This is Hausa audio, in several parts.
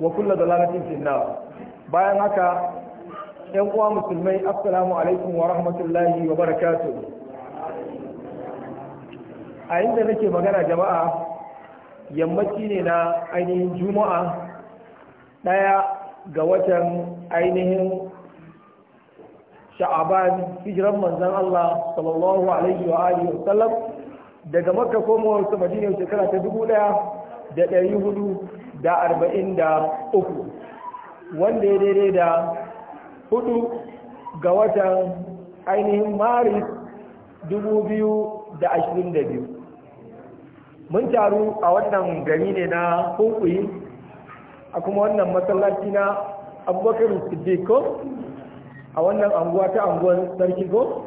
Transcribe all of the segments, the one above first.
wa kulla dalalatin fi bayan haka yan uwa musulmai assalamu alaikum wa rahmatullahi wa barakatuh a inda nake magana jama'a yammaci ne na ainihin juma'a ɗaya ga watan ainihin sha'aban hijiran manzan Allah sallallahu alaihi wa alihi sallam, daga makka komo madina shekara ta dubu ɗaya da ɗari hudu da arba'in da uku wanda ya daidai da hudu ga watan ainihin maris dubu biyu da ashirin da biyu mun taru a wannan gari ne na hunkuyi a kuma wannan masallaci na abubakar siddiq a wannan anguwa ta anguwar sarki ko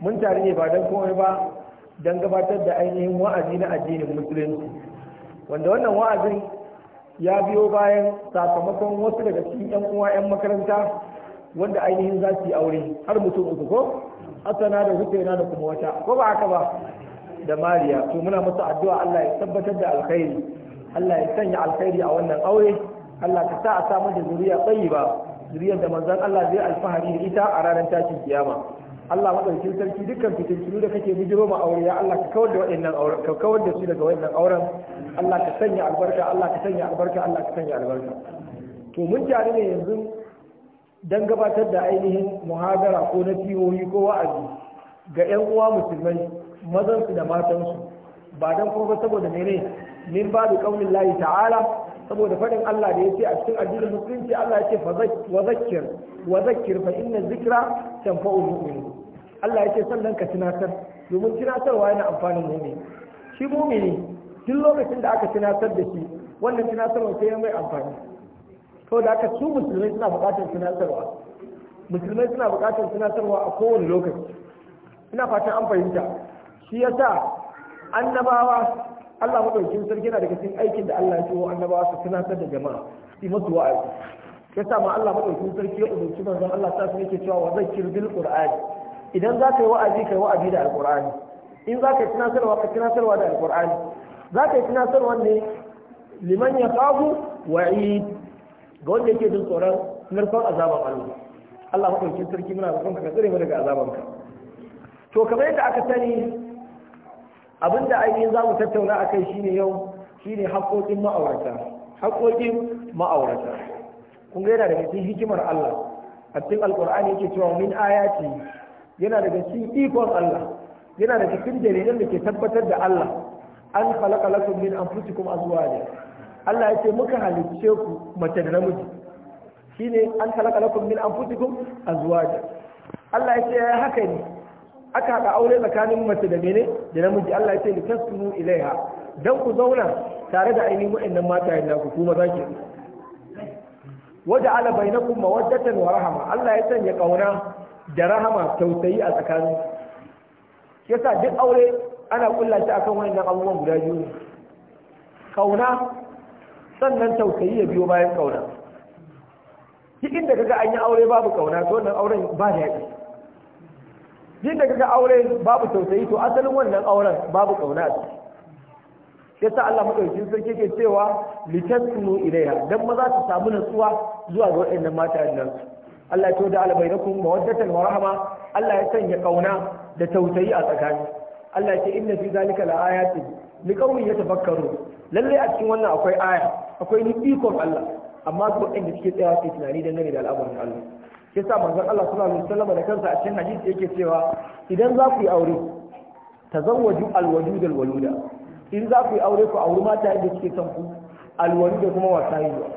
mun taru ne ba don komai ba don gabatar da ainihin wa'azi na addinin musulunci wanda wannan wa'azin ya biyo bayan sakamakon wasu daga cikin yan uwa yan makaranta wanda ainihin za su yi aure har mutum uku ko asana da na da kuma wata ko ba haka ba da mariya to muna masa addu'a Allah ya tabbatar da alkhairi Allah ya sanya alkhairi a wannan aure Allah ka sa a samar da zuriya tsayi ba zuriyar da manzon Allah zai alfahari da ita a ranar tashin kiyama Allah madaukin sarki dukkan fitintunu da kake bijiro ma aure ya Allah ka kawar da waɗannan auren ka kawar da su daga waɗannan auren Allah ka sanya albarka Allah ka sanya albarka Allah ka sanya albarka to mun tare ne yanzu dan gabatar da ainihin muhadara ko na tiyoyi ko wa'azi ga ƴan uwa musulmai mazan su da matan su ba dan kuma saboda mene min babu kaulin lahi ta'ala saboda faɗin Allah da ya ce a cikin addinin musulunci Allah ya ce wa zakkir wa zakkir fa inna zikra tanfa'ul mu'min Allah ya ce sannan ka tunatar domin tunatarwa yana amfanin mu'min shi mu'mini duk lokacin da aka tunatar da shi wannan tunatarwa sai ya mai amfani to da aka su musulmai suna buƙatar tunatarwa musulmai suna buƙatar tunatarwa a kowane lokaci ina fatan an fahimta shi yasa annabawa Allah madaukakin sarki yana daga cikin aikin da Allah ya ce wa annabawa su tunatar da jama'a su musu wa'azi yasa ma Allah madaukakin sarki ya umarci manzon Allah ta sun yake cewa wa zakir bil qur'ani idan za ka yi wa'azi ka yi wa'azi da alqur'ani in za ka yi tunatarwa ka tunatarwa da alqur'ani za ka yi tunatarwa ne liman ya kafu wa'id ga wanda yake jin tsoron narkon azaban Allah Allah madaukakin sarki muna roƙon ka tsare mu daga azabanka to kamar yadda aka sani abin da ainihin za mu tattauna a kai shine yau shine haƙoƙin ma'aurata haƙoƙin ma'aurata kun ga yana daga cikin hikimar Allah a cikin alƙur'ani yake cewa min ayati yana daga cikin ikon Allah yana daga cikin dalilan da ke tabbatar da Allah an khalaqa lakum min anfusikum azwaja Allah ya ce muka halicce ku mace da namiji shine an khalaqa lakum min anfusikum azwaja Allah ya ce haka ne aka haɗa aure tsakanin mace da mene da namiji Allah ya ce ni tasmu ilaiha dan ku zauna tare da ainihin wa'annan yadda ku kuma za ki waje ala bainakum mawaddatan wa rahama Allah ya sanya kauna da rahama tausayi a tsakanin yasa duk aure ana kulla shi akan wa'annan abubuwan guda biyu kauna sannan tausayi ya biyo bayan kauna cikin da kaga an yi aure babu kauna to wannan auren ba da yaki jin da kaga aure babu tausayi to asalin wannan auren babu kauna a ciki yasa Allah madaukakin sarki ke cewa litaskunu ilaiha dan maza su samu natsuwa zuwa ga waɗannan mata nan Allah ya to da albainakum mawaddatan wa rahma Allah ya sanya kauna da tausayi a tsakani Allah ya ce inna fi zalika laayatin liqaumin yatafakkaru lalle a cikin wannan akwai aya akwai ni ikon Allah amma su da suke tsayawa su tunani dangane da al'amuran Allah shi yasa manzon Allah sallallahu alaihi wasallam da kansa a cikin hadisi yake cewa idan za ku yi aure tazawwaju alwajud alwaluda in za ku yi aure ku auri mata yadda suke son ku alwaluda kuma wasa haihuwa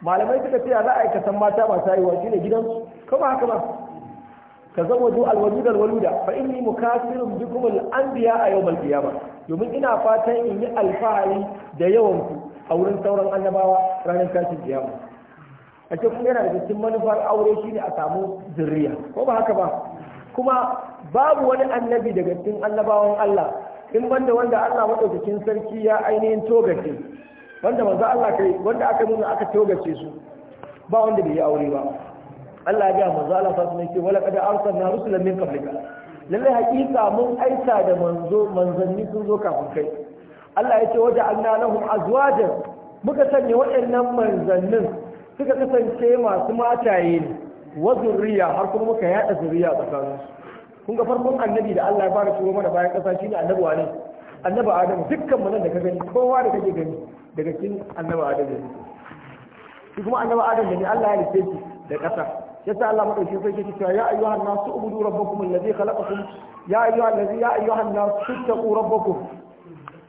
malamai suka ce za a yi kasan mata masu haihuwa shine gidansu kuma haka ba tazawwaju alwajud alwaluda fa inni mukasirun bikum alanbiya a yawm al-qiyamah domin ina fatan in yi alfahari da yawan ku a wurin sauran annabawa ranar tashin kiyama a ce kuma yana da cikin manufar aure shine a samu zuriya ko ba haka ba kuma babu wani annabi daga cikin annabawan Allah in banda wanda Allah madaukakin sarki ya ainihin togace wanda manzo Allah kai wanda aka nuna aka togace su ba wanda bai yi aure ba Allah ya ga manzo Allah sallallahu alaihi ce wala qad arsalna rusulan min qablika lalle hakika mun aita da manzo manzanni sun zo kafin kai Allah ya ce waje anna lahum azwajan muka sanya waɗannan manzannin suka kasance masu mataye ne wa zurriya har kuma muka yada zurriya tsakanin kun ga farkon annabi da Allah ya fara turo mana bayan kasa shine annabi wani annabi Adam dukkan mu da ka gani kowa da kake gani daga cikin annabi Adam ne shi kuma annabi Adam ne Allah ya lissafi shi da kasa yasa Allah madauki sai yake cewa ya ayyuhan nasu ubudu rabbakum allazi khalaqakum ya ayyuhan allazi ya ayyuhan nasu ittaqu rabbakum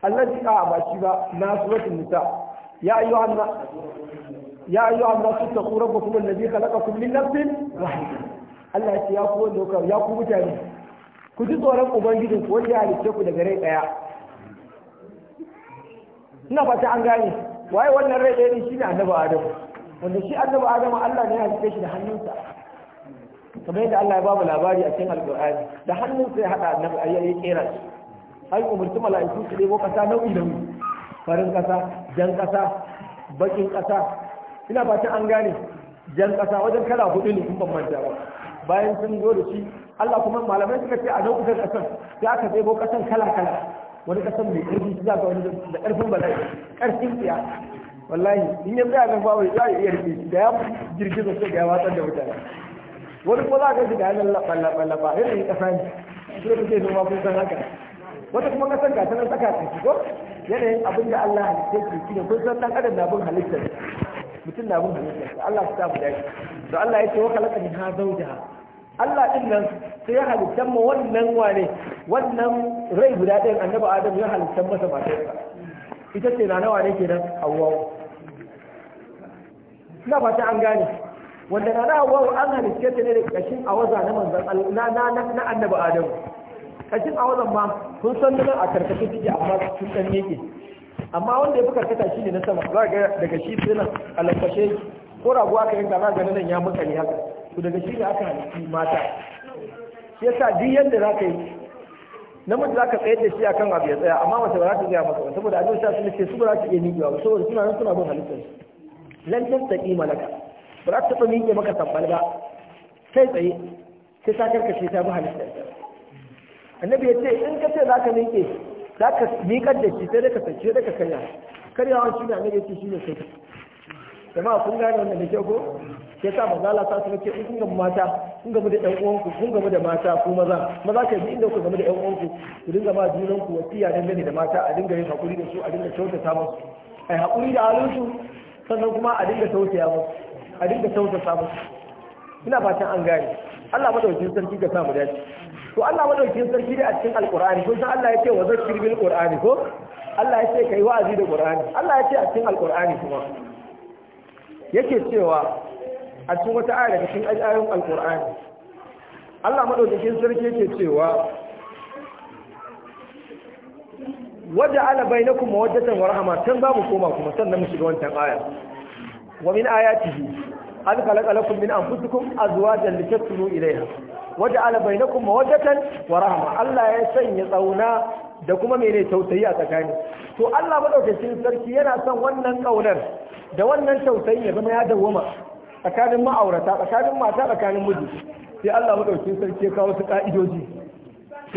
allazi a ba shi ba nasu wata nisa ya ayyuhan ya ayyu amma su ta kura ba kuma nabi kalaka kun min Allah ya ce mutane ku ji tsoron ubangijin ku wanda ya halicce ku daga rai daya Na fata an gane waye wannan rai daya ne shine annabi adamu wanda shi annabi adamu Allah ne ya halicce shi da hannunsa kamar yadda Allah ya ba mu labari a cikin alkur'ani da hannunsa ya hada annabi ayyai ya kera shi an umarci mala'iku su ɗebo kasa nau'i nau'i farin kasa jan kasa bakin kasa ina fatan an gane jan kasa wajen kala hudu ne in ban manta ba bayan sun zo da shi Allah kuma malamai suka ce a nau'ukan kasan sai aka tsebo kasan kala kala wani kasan mai karfi za ga wani da karfin bala'i karfin tsiya wallahi in yanzu a nan ba wai za a iya rike da ya da sai da ya watsar da mutane wani ko za a gaji da hannun laɓa-laɓa yanayin ƙasa ne su da kuke noma kun san haka wata kuma kasan ga ta nan tsaka ta ko yanayin abin da Allah ya ce ki ne kun san dan adam na bin halittar mutum na bin halittarsa Allah ya samu dashi to Allah ya ce wa khalaqa min ha zawjaha Allah din nan sai ya halitta ma wannan wane wannan rai guda ɗayan annabi Adam ya halitta masa matarsa ita ce na nawa ne kenan Hawwa ina fata an gane wanda na na Hawwa an halitta ta ne da kashin awaza na manzon Allah na na annabi Adam kashin awazan ma sun san nan a karkashin take amma sun dan yake amma wanda ya fi karkata shi ne na sama za ga daga shi sai nan alafashe ko raguwa aka yanka za ga nan ya mutane haka to daga shi ne aka halitti mata shi yasa duk yadda za ka yi namiji za ka tsayar da shi a kan abu ya tsaya amma mace ba za ta tsaya masa ba saboda abin sa sun ce su ba za ta iya miƙewa ba saboda suna nan suna bin halittar su lan tastaqi malaka ba za ta taɓa miƙe maka tabbal ba kai tsaye sai ta karkace ta bi halittar annabi ya ce in ka ce za ka miƙe za ka miƙar da shi sai da ka sace da ka kar yawon shi ne annabi ce shi ne sai jama'a kun gane wannan da ke ko sai sa maza zala ta ce in kun gama mata kun gama da ɗan uwanku kun gama da mata ku maza maza ka yi inda ku gama da ɗan uwanku ku dinga ma junanku ku wasiya dangane da mata a dinga yin hakuri da su a dinga kyautata musu ai hakuri da halin sannan kuma a dinga tausaya musu a dinga tausasa musu ina fatan an gane Allah madaukakin sarki ga samu dace to Allah madaukakin sarki da a cikin alqur'ani kun san Allah ya ce wa zakkir bil qur'ani ko Allah ya ce kai wa'azi da qur'ani Allah ya ce a cikin alqur'ani kuma yake cewa a cikin wata aya daga cikin ayoyin alqur'ani Allah madaukakin sarki yake cewa waja'ala bainakum mawaddatan wa rahma tan babu koma kuma sannan mu shiga wancan aya wa min ayatihi an kalaka lakum min anfusikum azwajan litaskunu ilayha waja'ala bainakum mawaddatan wa rahma Allah ya sanya tsauna da kuma mene tausayi a tsakani to Allah madaukakin sarki yana son wannan kaunar da wannan tausayi ya zama ya dawoma tsakanin ma'aurata tsakanin mata tsakanin miji sai Allah madaukakin sarki ya kawo su ka'idoji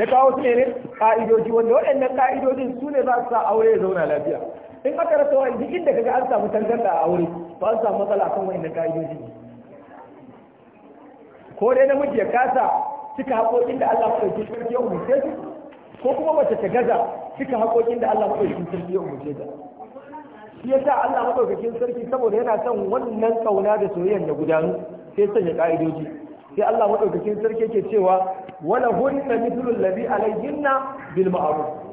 ya kawo su ne ka'idoji wanda waɗannan ka'idojin su ne za su sa aure ya zauna lafiya in aka rasa wa'in inda kaga an samu tangarda a aure ba su samu matsala kan wa'annan ka'idoji ko dai namiji ya kasa cika haƙoƙin da Allah maɗauki shirki ya umarce su ko kuma mace ta gaza cika haƙoƙin da Allah maɗauki shirki ya umarce ta shi yasa Allah maɗaukakin sarki saboda yana son wannan ƙauna da soyayyar da gudanu sai sanya ka'idoji sai Allah maɗaukakin sarki yake cewa wala hunna mithlu allazi alayhinna bil ma'ruf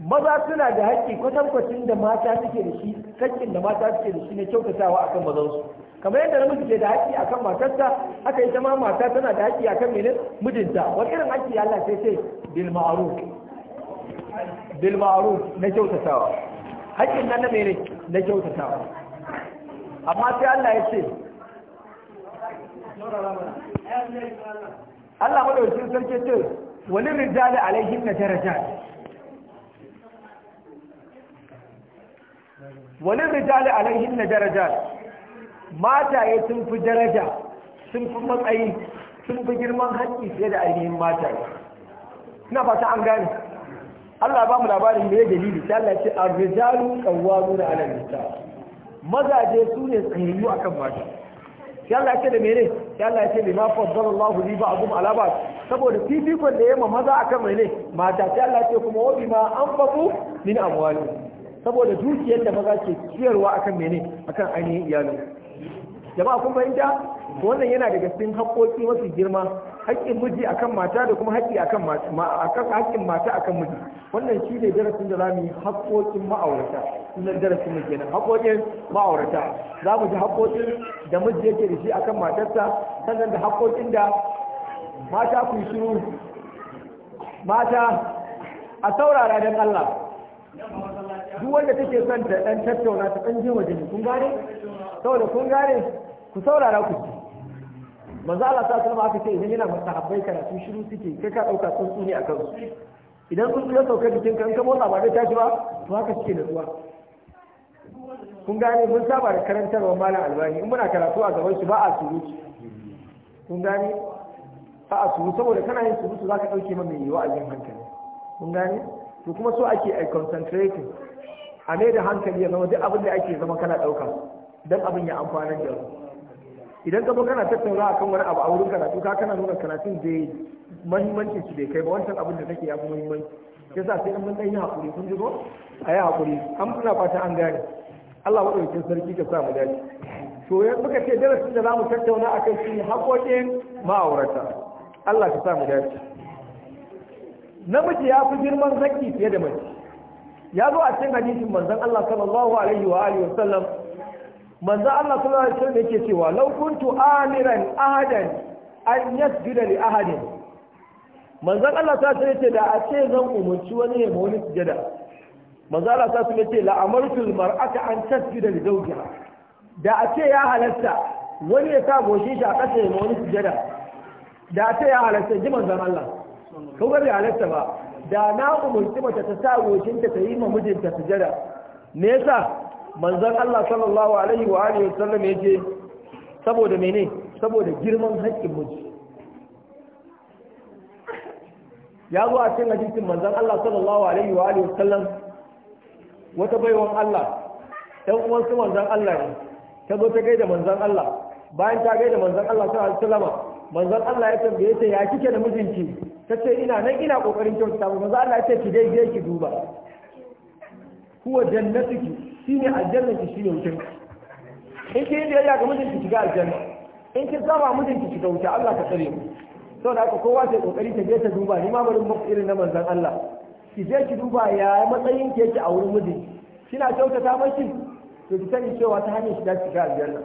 maza suna da haƙƙi kwatankwacin da mata suke da shi sakin da mata suke da shi na kyautatawa akan mazansu kamar yadda namiji ke da haƙƙi akan matarsa haka ita ma mata tana da haƙƙi akan mene mijinta wani irin haƙƙi Allah sai sai bil ma'ruf bil ma'ruf na kyautatawa haƙƙin nan na mene na kyautatawa amma sai Allah ya ce Allah madaukakin sarki ce wani rijali alaihin na daraja walin rijali alaihin na daraja mataye sun fi daraja sun fi matsayi sun fi girman haƙƙi fiye da ainihin mataye ina fata an gane Allah ba mu labarin me dalili ta Allah ce a rijalu qawwamuna 'ala an-nisa mazaje su ne tsayayyu akan mata ya Allah ce da mene ya Allah ce bima faddala Allahu li ba'dhum 'ala ba'd saboda fifikon da ma maza akan mene mata ya Allah ce kuma wa bima anfaqu min amwalihim saboda dukiyar da maza ke ciyarwa akan mene akan ainihin iyali jama'a kun fahimta wannan yana daga cikin haƙƙoƙi mafi girma haƙƙin miji akan mata da kuma haƙƙi akan haƙƙin mata akan miji wannan shi ne darasin da zamu yi haƙƙoƙin ma'aurata sunan darasin mu kenan haƙƙoƙin ma'aurata za mu ji haƙƙoƙin da miji yake da shi akan matarsa sannan da haƙƙoƙin da mata ku shiru mata a saurara don Allah duk wanda take son ta dan tattauna ta dan je waje ne kun gane saboda kun gane ku saurara ku ci manzo Allah ta sallama aka ce idan yana masahabbai karatu shiru suke kai ka dauka tsuntsu ne akan su idan tsuntsu ya sauka jikin kan ka motsa ba zai tashi ba to haka suke zuwa. kun gane mun saba da karantarwa malam albani in muna karatu a gaban shi ba a surutu kun gane ba a surutu saboda kana yin surutu zaka dauke ma mai yiwa a jin hankali kun gane to kuma so ake a concentrating a mai da hankali ya zama duk abin da ake zama kana ɗauka don abin ya amfana da idan ka kana tattauna kan wani abu a wurin karatu ka kana nuna karatun da muhimmanci su bai kai ba wancan abin da kake ya fi muhimmanci sa sai an mun dan yi hakuri kun ji ko a yi hakuri an muna fata an gane Allah ɗauki sarki ka sa mu dace to ya muka ce darasin da za mu tattauna a kan shi haƙoƙin ma'aurata Allah ka sa mu dace namiji ya fi girman zaki fiye da mace ya zo a cikin hadisin manzon Allah sallallahu alaihi wa alihi wasallam manzon Allah sallallahu alaihi wasallam yake cewa law kuntu amiran ahadan an yasjuda li ahadin manzon Allah ta sai ce da a ce zan umarci wani ya mawani sujada manzon Allah ta sai ce la amartu al mar'ata an tasjuda li zawjiha da a ce ya halatta wani ya sa goshin shi a ƙasa ya mawani sujada da a ce ya halatta ji manzon Allah ko ga bai halatta ba da na umarci mace ta sa goshinta ta yi ma mijinta sujada me yasa manzon Allah sallallahu alaihi wa alihi wasallam ce saboda mene saboda girman haƙƙin miji ya zo a cikin hadisin manzon Allah sallallahu alaihi wa alihi wasallam wata baiwan Allah ɗan uwan su manzon Allah ne ta zo ta gaida manzon Allah bayan ta gaida manzon Allah sallallahu alaihi wasallam manzon Allah ya tambaye ta ya kike da mijinki ta ce ina nan ina ƙoƙarin kyauta ba za Allah ya ce ki dai je ki duba huwa jannatuki shine aljanna ki shine wuce. in ki yi biyayya ga mijinki shiga aljanna in ki zama mijinki shiga wuta Allah ka tsare mu saboda haka kowa sai kokari ta je ta duba ni ma bari mu irin na manzon Allah ki je ki duba ya matsayin ki yake a wurin mijinki kina kyautata mashi to ki sani cewa ta hanyar shiga shiga aljanna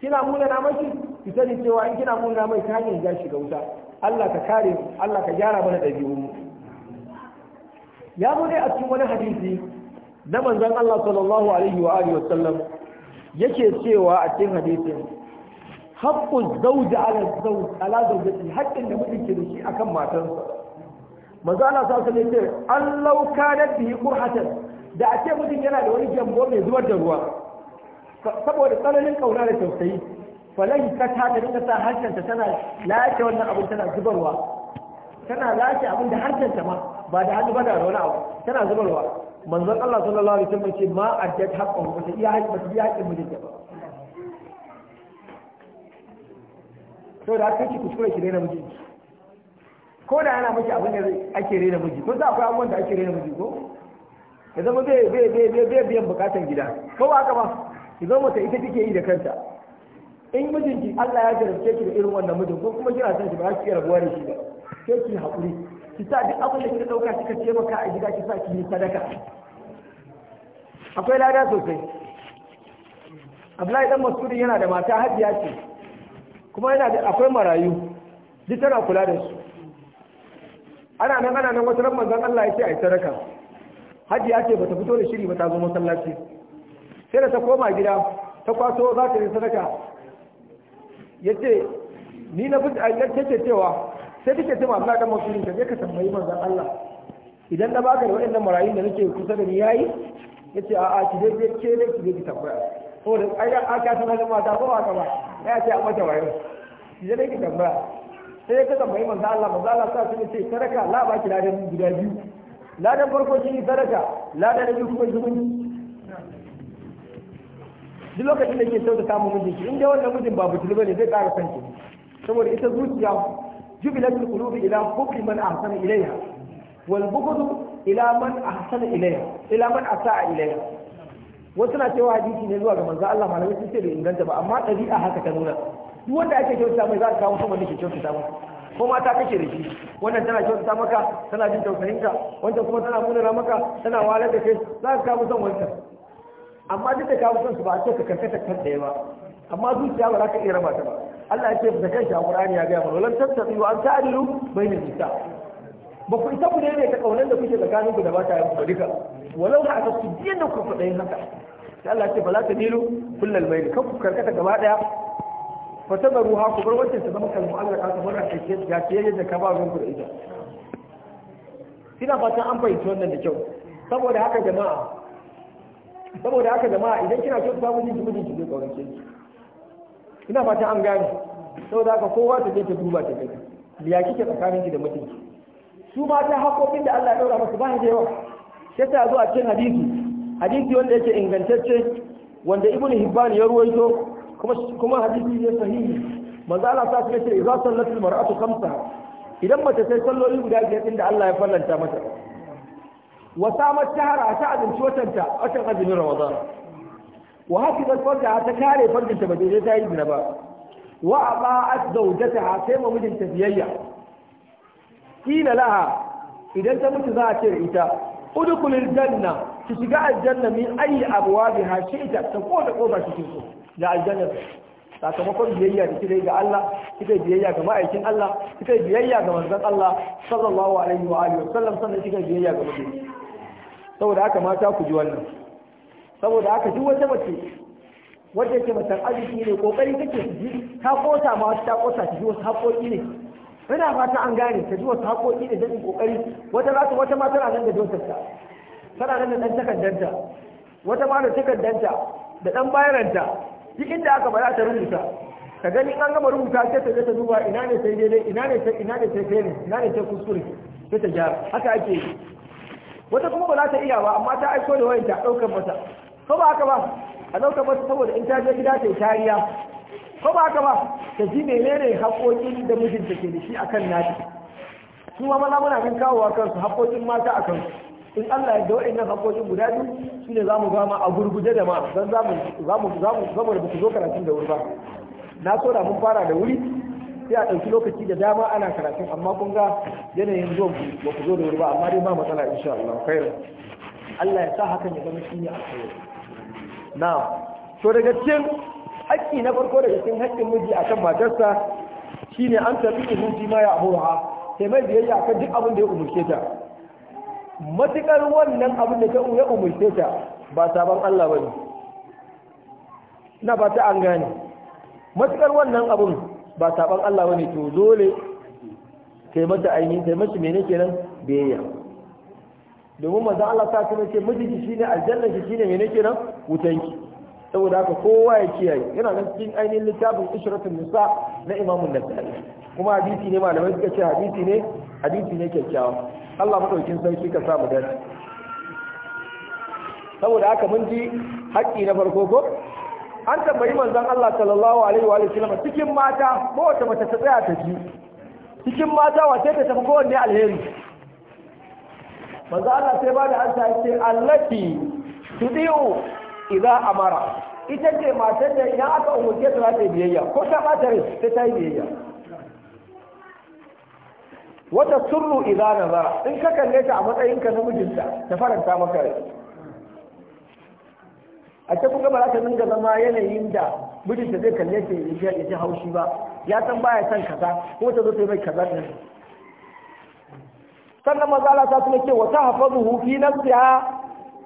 kina muna na mashi ki sani cewa in kina muna mai ta hanyar shiga wuta Allah ka kare mu Allah ka gyara mana ɗabi'un mu ya zo dai a cikin wani hadisi na manzon Allah sallallahu alaihi wa alihi wasallam yake cewa a cikin hadisin haqqu zawji ala zawj ala zawjati haqqin da mutum ke da shi akan matarsa manzo Allah sallallahu alaihi wa sallam an law kana bihi qurhatan da a ce mutum yana da wani jambo mai zuwa da ruwa saboda tsananin kauna da tausayi falai ka ta da dinga sa harshenta tana lace wannan abin tana zubarwa tana lace abin da harshenta ma ba da hannu ba da wani abu tana zubarwa manzon Allah sallallahu alaihi wasallam ce ma addat haqqan ba ta iya haƙƙin ba ta iya haƙƙin mijinta ba to da kake kuskure ki daina miji ko da yana miki abin da ake rena miji ko za akwai abubuwan da ake rena miji ko ya zama zai biyan bukatan gida ko ba haka ba ki zama ta ita kike yi da kanta in mijinki Allah ya jarabce ki da irin wannan mijin ko kuma kina son shi ba za ki rabuwa da shi ba sai ki haƙuri ki sa duk abin da kika dauka kika taimaka a gida ki sa ki yi sadaka akwai lada sosai Abdullahi dan Masudi yana da mata Hajiya ce kuma yana da akwai marayu duk tana kula da su ana nan ana nan wata ran manzon Allah ya ce ai sadaka Hajiya ce bata fito da shiri ba ta zo masallaci sai da ta koma gida ta kwaso za ta yi sadaka yace ni na bin ayyar take cewa sai take cewa Allah da mutum ka je ka tambayi manzon Allah idan na baka da waɗannan marayun da nake kusa da ni yayi yace a'a ki dai ke ne ki je ki tambaya ko ai a ka sanar da mata ko ba ba ya ce a mata wayo ki je ki tambaya sai ka tambayi manzon Allah manzon Allah sai ya ce sadaka la ba ki ladan guda biyu ladan farko shi sadaka ladan na biyu kuma zumunci duk lokacin da ke da samun mijin in dai wannan mijin ba butul bane zai tsara sanki saboda ita zuciya jubilatul qulubi ila hubbi man ahsana ilayha wal walbukudu ila man ahsana ilayha ila man asaa ilayha wasu na cewa hadisi ne zuwa ga manzo Allah malamai sun ce bai inganta ba amma a haka ta nuna duk wanda ake kyautata mai za ka kawo kuma nake ke kyautata masa ko mata kake da shi wannan tana kyautata maka tana jin tausayinka wancan kuma tana munana maka tana walar da kai za ka kawo son wancan amma duk da kawo kansu ba a ce ka kanta kan ɗaya ba amma zuciya ba za ka iya raba ta ba Allah ya ce da kan shi a Qur'ani ya ga mana lan tattabi wa an ta'dilu bayna nisa ba ku isa ku ne ta kaunan da kuke tsakanin ku da ba ta yi ba duka walau ka aka su da ku faɗa yin haka sai Allah ya ce ba za ta dilu kullal bayni kan ku karkata gaba ɗaya fa ha ku bar wancan ta zama kalmu Allah ka kamar da kake ya ce yadda ka ba ruwan ku da ita ina fatan an fahimci wannan da kyau saboda haka jama'a saboda haka jama'a idan kina so ta mijin ki mijin ki zai ki ina fata an gane saboda haka kowa ta je ta duba ta gani ya kike tsakaninki da mutunci su ma mata hakokin da Allah ya daura masu ba da yawa sai ta zo a cikin hadisi hadisi wanda yake ingantacce wanda ibnu hibban ya ruwaito kuma kuma hadisi ne sahihi manzo Allah ta ce idza sallatul mar'atu khamsa idan mace sai salloli guda biyar din da Allah ya fallanta mata wa samar tahara ta abinci watanta watan azumin ramadan wa hafizat farjaha ta kare farjinta ba daidai ta yi zina ba wa ata'at zawjataha sai ma mijinta biyayya kila laha idan ta mutu za a ce ita udkhulil janna ki shiga aljanna min ayi abwabiha shi'ta ta ko da kofa cikin su. da aljanna sakamakon biyayya da kika yi ga Allah kika biyayya ga ma'aikin Allah kika biyayya ga manzon Allah sallallahu alaihi wa alihi wa sallam sannan kika biyayya ga mutane saboda aka mata ku ji wannan saboda aka ji wata mace wadda yake mutan arziki ne kokari take su ji ta kosa ma ta kosa ta ji wasu haƙoƙi ne ina fata an gane ta ji wasu haƙoƙi ne dadin kokari wata za ta wata ma tana nan da dotarta tana nan da dan takardarta wata ma da takardarta da dan bayaranta duk inda aka ba za ta rubuta ka gani an gama rubuta sai ta je ta duba ina ne sai daidai ina ne sai ina ne sai ina ne sai kuskure sai ta gyara haka ake yi wata kuma ba za ta iya ba amma ta aiko da wayanta a ɗaukar mata ko ba haka ba a ɗaukar mata saboda in ta je gida ta yi tariya ko ba haka ba ta ji menene haƙoƙin da mijinta ke da shi akan nata su ma maza muna kan kawowa kansu haƙoƙin mata a kansu in Allah ya da wayannan haƙoƙin guda biyu shine zamu ga ma a gurguje da ma dan zamu zamu zamu zamu da ku zo karatun da wuri ba na so da mun fara da wuri sai a ɗauki lokaci da dama ana karatun amma kun ga yanayin zuwan ku ba ku zo da wuri ba amma dai ba matsala insha Allah khairu Allah ya sa hakan ya zama shi ne alkhairi na'am to daga cikin haƙƙi na farko daga cikin haƙƙin miji akan matarsa shine an tafi da miji ma ya abuha sai mai biyayya akan duk abin da ya umurce ta matukar wannan abin da ta ya umurce ta ba sabon Allah bane na ba ta an gane matukar wannan abin ba saban Allah bane to dole kai mata ainihin kai mace mene kenan biyayya domin manzon Allah ta kuma ce mijinki shine aljanna ki shine mene kenan wutanki saboda haka kowa ya kiyaye yana nan cikin ainihin littafin ishratun nisa na imamun nasari kuma hadisi ne malamai suka ce hadisi ne hadisi ne kyakkyawa Allah madaukin sarki ka sa mu dace saboda haka mun ji haƙƙi na farko ko an tambayi manzon Allah sallallahu alaihi wa sallam cikin mata ko wata mace ta tsaya ta ji cikin mata wace ta tafi kowanne alheri manzon Allah sai ba da ansa yace allati tudiu idza amara ita ce mata da idan aka umurce ta ta biyayya ko ta bata rai ta ta biyayya wata surru idza nazara in ka kalle ta a matsayin ka na mijinta ta faranta maka rai a ce kun ga ba za dinga zama yanayin da ta zai kalle ta ya ji haushi ba ya san baya son kaza ko ta zo ta yi mai kaza din sannan maza Allah ta tuna ce wa hafa zuhu fi nafsiha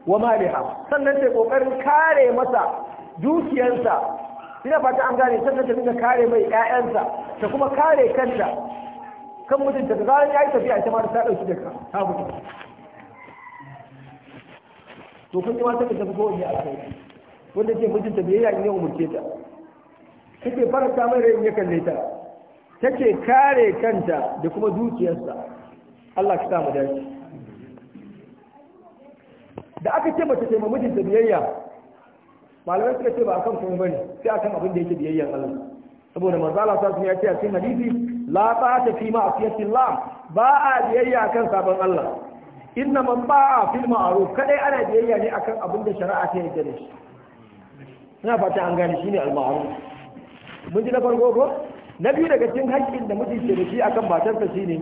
wa maliha sannan ta kokarin kare masa dukiyarsa ina fata an gane sannan ta dinga kare mai ƴaƴansa ta kuma kare kanta kan mutum, da zaran ya yi tafiya ita ma ta ɗauki da ta mutu to kun ji ma ta tafi kowanne a kai wanda ke mijinta biyayya in umurce ta take faranta mai rai in ya kalle ta take kare kanta da kuma dukiyarsa Allah ka sa mu dace da aka ce mace ta mijinta biyayya malamai suka ce ba kan kuma bane sai kan abin da yake biyayya Allah saboda manzo Allah ta ya ce a cikin hadisi la ta fi ma Allah ba a biyayya kan sabon Allah inna man ba'a fil ma'ruf kadai ana biyayya ne akan abin da shari'a ta yarda da shi na fata an gane shine al-ma'ruf mun ji na farko ko na biyu daga cikin haƙƙin da mutum ke da shi akan matarsa shine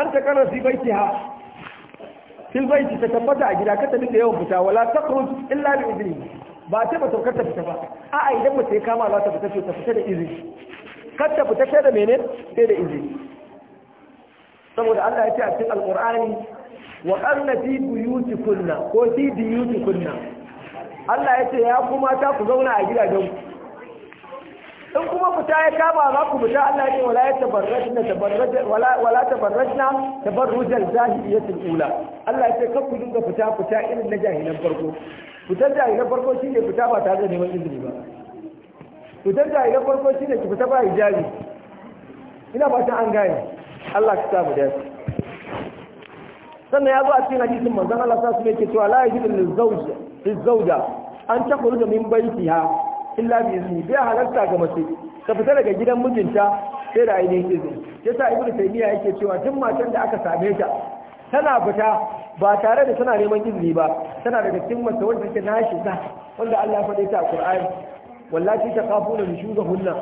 an ta kana fi baiti ha fi baiti ta tabbata a gida ka da yawan fita wala takhruj illa bi idni ba ta ba saukar ta fita ba a a idan mace ya kama za ta fita ta fita da izini kar ta fita da mene sai da izini saboda Allah ya ce a cikin alqur'ani wa qarna fi buyutikunna ko fi buyutikunna Allah ya ce ya kuma ta ku zauna a gidajen in kuma fita ya kama za ku fita Allah ya ce wala ya tabarrajna tabarraj wala wala tabarrajna tabarrujal jahiliyatul ula Allah ya ce kar ku dinga fita fita irin na jahilan farko fitar jahilan farko shine fita ba tare da neman izini ba fitar jahilan farko shine ki fita ba hijabi ina ba ta an gani. Allah ka samu da sannan ya zo a cikin hadisin manzon Allah sallallahu alaihi wasallam yake cewa la yajidu lil zawj fi zauja an ta da min baitiha illa bi izni bai halarta ga mace ta fita daga gidan mijinta sai da ainihin izini yasa ibnu taymiya yake cewa duk matan da aka same ta tana fita ba tare da tana neman izini ba tana daga cikin mace wanda take nashi ta wanda Allah ya faɗe ta a Qur'ani wallahi ta kafuna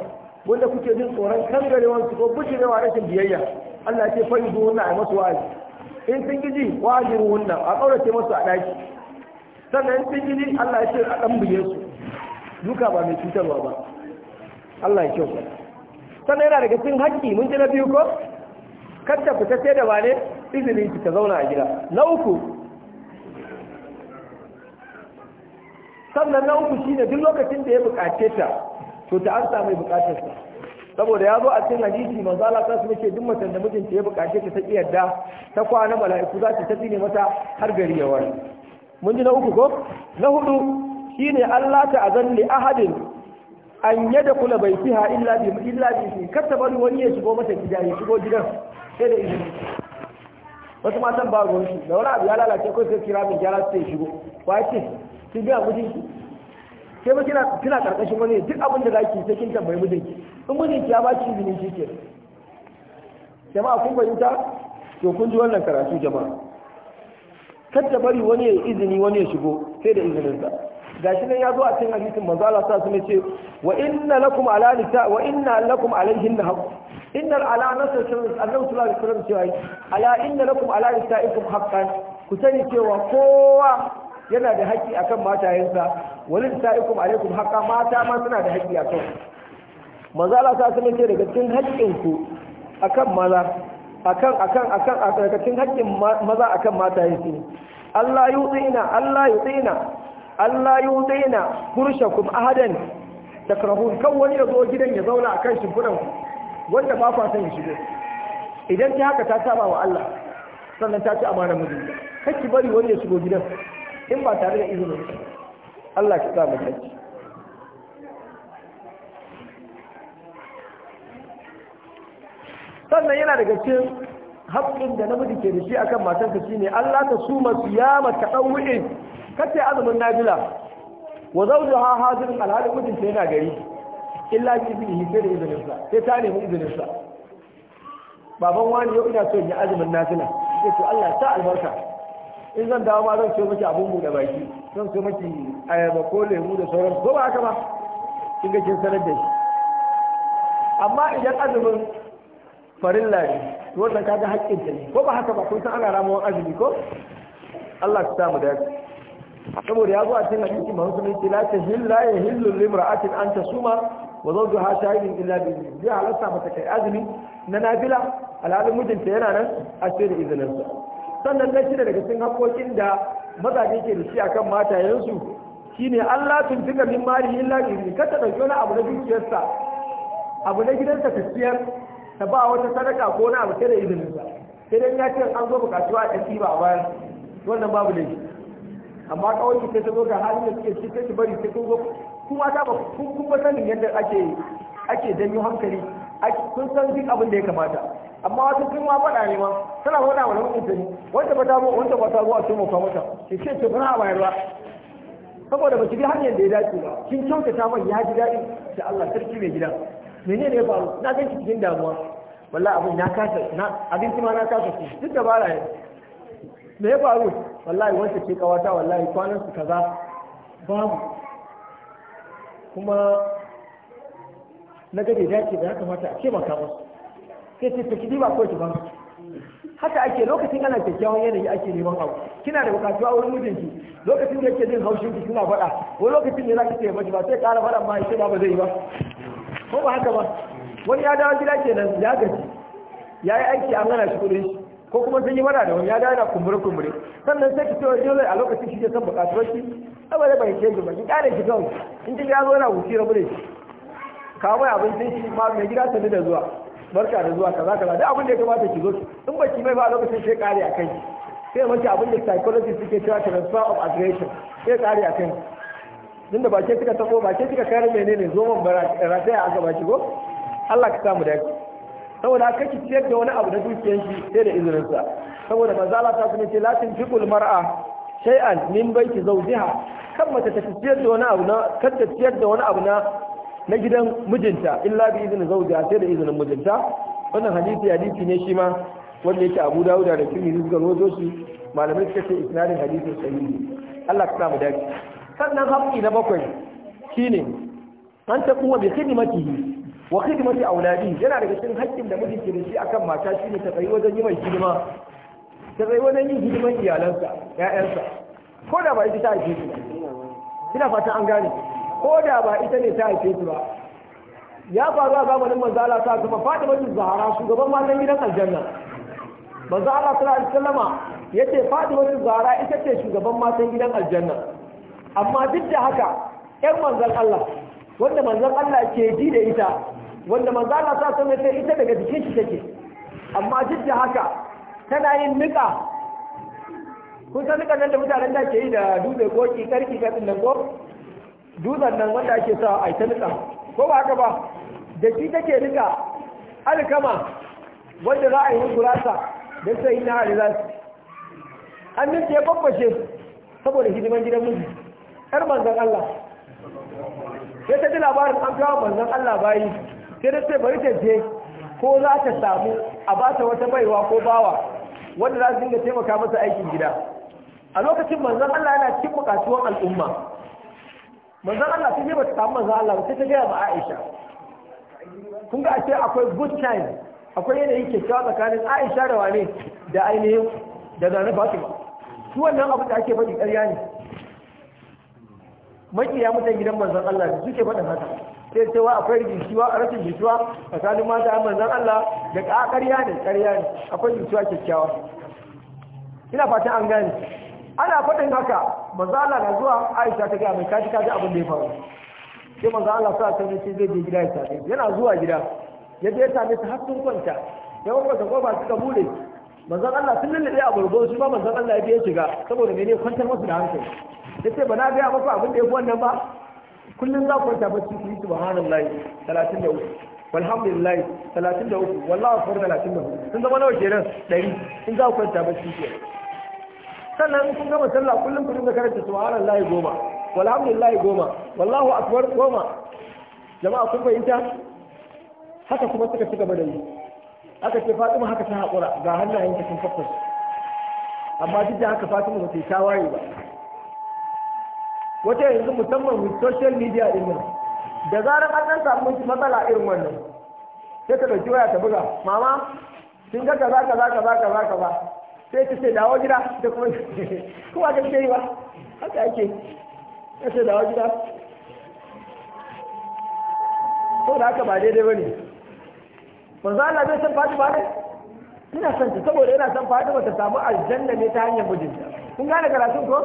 wanda kuke jin tsoron kangarewan su ko bujirewa rashin biyayya Allah ya ce fa yuzu hunna a masu wa'azi in sun giji wajiru hunna a ƙaurace masu a ɗaki. sannan sun yi Allah ya ce a ɗan buye su duka ba mai cutarwa ba Allah ya kyau sannan yana daga cikin haƙƙi mun ji na biyu ko kar ta fita sai da wane izinin ki ta zauna a gida na uku sannan na uku shine duk lokacin da ya buƙace ta to ta an samu buƙatar sa saboda ya zo a cikin hadisi manzo Allah ta su ce duk mutum da mijinta ya buƙace ta ta yarda ta kwana mala'iku za ta tafi ne mata har gari ya wani mun ji na uku ko na hudu shine Allah ta azalli ahadin an yada kula bai fiha illa bi illa bi kada bari wani ya shigo mata gida ya shigo gidan sai da izini wasu matan ba ruwan shi da wani abu ya lalace ko sai kira min gyara sai shigo ba ce kin ga mijin ki sai ba kina kina karkashin wani duk abin da zaki sai kin tambayi mijin ki in mijin ki ya ba ki izini shi ke jama'a kun fahimta to kun ji wannan karatu jama'a Kada bari wani ya izini wani ya shigo sai da izinin sa gashi nan ya zo a cikin hadisin manzo Allah sa sun ce wa inna lakum ala nisa wa inna lakum alaihin haqq inna ala nasr sallallahu alaihi wasallam cewa ala inna lakum ala ikum haqqan ku sani cewa kowa yana da haƙƙi akan matayensa walin nisaikum alaikum haqqa mata ma suna da haƙƙi akan manzo Allah sa sun ce daga cikin haƙƙin ku akan maza akan akan akan a tsarkakin haƙƙin maza akan mata yake Allah yutina Allah yutina Allah A furshakum ahadan takrahun kan wani ya zo gidan ya zauna akan shimfidan wanda ba kwa san ya shigo idan ta haka ta saba wa Allah sannan ta ci amana miji kake bari wani ya shigo gidan in ba tare da izinin Allah ki sa mu sannan yana daga cikin haƙƙin da namiji ke da shi akan matarsa shine Allah ta suma siyama ta dawu'in kace azumin najila wa zawjuha hadirin alhalin mijinta yana gari illa ki bi sai da izinin sa sai ta nemi izinin sa baban wani yau ina so in yi azumin najila sai to Allah ta albarka in zan dawo ma zan so miki abun mu da baki zan so miki ayaba ko lemu da sauran ko ba haka ba kin ga kin sanar da shi amma idan azumin farin ne wannan kaga haƙƙin ta ne ko ba haka ba kun san ana wani azumi ko Allah ta samu dace saboda ya zo a cikin hadisi manzo ne la tahilla ya hillu limra'atin an tasuma wa zawjuha shahidin illa bi ya halatta mata kai azumi na nafila al'adun mijinta yana nan a ce da izinin sa sannan na shida daga cikin haƙoƙin da mazaje ke da shi akan matayensu shine Allah tun tuka min mali illa bi kada dauki wani abu na dukiyarsa abu na gidansa ka siyar ta ba wata sadaka ko na abu sai da izinin sa sai dan ya ce an zo bukatu a ɗaki ba ba wannan babu ne amma kawai sai ta zo ga halin da suke cikin shi bari sai kun zo kuma ta ba kun kuma sanin yadda ake ake janyo hankali kun san duk abin da ya kamata amma wasu sun ma faɗa ne ma suna faɗa wa namijin ta wanda ba ta zo wanda ba ta zo a taimaka mata ki ce ce fara bayar ba saboda ba ki bi hanyar da ya dace ba kin kyautata mai ya ji daɗi da Allah sarki mai gidan mene ya faru na ganci cikin damuwa wallahi abin na kasa na abinci ma na kasa ci duk da bara me ya faru wallahi wanda ce kawata wallahi kwanan su kaza babu kuma na gade dace da ya kamata a ce maka musu sai ce ki ba ko ki ba haka ake lokacin ana kyakkyawan yanayi ake neman abu kina da bukatu a wurin mijinki lokacin da yake jin haushin ki kina faɗa ko lokacin da zaki ce mashi ba sai ƙara faɗa ba sai ba ba zai yi ba ko ba haka ba wani ya dawo gida kenan ya gaji ya yi aiki an gana shi kudin shi ko kuma sun yi mara da wani ya dawo yana kumbure kumbure sannan sai ki ce wani a lokacin shi son san bukatuwar shi saboda bai ke ba ki kare shi kawai in ji ya zo yana wuce rabu da shi kawo mai abincin shi ma mai gida sanu da zuwa barka da zuwa kaza kaza duk abin da ya kamata ki zo in ba ki mai ba a lokacin sai kare a kai sai mace abin da psychology suke cewa transfer of aggression sai kare a kai din da bakin suka tabo bakin suka kare menene zoman ya aka baki ko Allah ka samu dace saboda haka ci ciyar da wani abu na dukiyar shi sai da izinin sa saboda manzo Allah ta kuma ce la tunfiqul mar'a shay'an min baiti zawjiha kan mace ta ciyar da wani abu na kada ciyar da wani abu na na gidan mijinta illa bi izinin zauja sai da izinin mijinta wannan hadisi hadisi ne shi ma wanda yake Abu Dawud da Tirmidhi suka rawaito shi malamai suka ce isnadin hadisi sahihi Allah ka sa mu dace sannan haƙƙi na bakwai shine an ta kuwa bi khidmati wa khidmati auladi yana daga cikin haƙƙin da miji ke da shi akan mata shine ta tsayi wajen yi mai hidima ta tsayi wajen yi hidiman iyalansa ƴaƴansa ko da ba ita ta haife su ina fatan an gane ko da ba ita ne ta haife su ba ya faru a zamanin manzo Allah ta kuma Fatima bint Zahra shugaban matan gidan aljanna manzo Allah sallallahu alaihi wasallama yace Fatima bint Zahra ita ce shugaban matan gidan aljanna amma duk da haka ƴan manzan Allah wanda manzan Allah ke ji da ita wanda manzan Allah sa sanar sai ita daga jikin shi take amma duk da haka tana yin nika kun san nika nan da mutanen da ke yi da dutse ko karki katsin nan ko dutsen nan wanda ake sa a ita nika ko ba haka ba da shi take nika alkama wanda za a yi gurasa don sai yi na hari an ninke ya babbashe saboda hidiman gidan miji yar manzan Allah sai ta ji labarin an kawo manzan Allah bayi sai ta ce bari ta je ko za ta samu a ba ta wata baiwa ko bawa wanda za su dinga taimaka masa aikin gida a lokacin manzan Allah yana cikin bukatuwan al'umma manzan Allah sai ba ta samu manzan Allah sai ta gaya ma Aisha kun ga ce akwai good time akwai yanayin kyakkyawa tsakanin Aisha da wane da ainihin da zanen Fatima su wannan abu da ake faɗi ƙarya ne makiya mutan gidan manzon Allah da suke faɗin haka sai cewa akwai rigishiwa a rashin jituwa tsakanin mata manzon Allah da ƙarya ne ƙarya ne akwai jituwa kyakkyawa ina fatan an gane ana faɗin haka manzon Allah na zuwa Aisha ta ga mai kaji kaji abin da ya faru sai manzon Allah sa ta ce zai je gida ya yana zuwa gida ya je ya sami ta har sun kwanta ya wanka ba su suka bude manzon Allah sun lullube a bargo shi ma manzon Allah ya je shiga saboda ne ne kwantar musu da hankali yace ba na ba maka abin da yafi wannan ba kullun za ku kwanta bacci ku yi subhanallahi 33 walhamdulillahi 33 wallahi akbar 34 sun zama nawa kenan 100 in za ku kwanta bacci ke sannan sun gama sallah kullun ku dinga karanta subhanallahi goma walhamdulillahi goma wallahu akbar goma jama'a kun fahimta haka kuma suka ci gaba da yi aka ce fatima haka ta haƙura ga hannayen ta sun faffas amma duk da haka fatima ba ta shawari ba wata yanzu musamman with social media din nan da zarar an ɗan samu matsala irin wannan sai ta ɗauki waya ta buga mama kin ga kaza kaza kaza kaza kaza sai ta ce dawo gida ta kuma kuma ga yi ba haka ake ta ce dawo gida ko da haka ba daidai ba ne manzo Allah bai san Fatima ne ina san ta saboda yana san Fatima ta samu aljanna ne ta hanyar mijinta kun gane karatun ko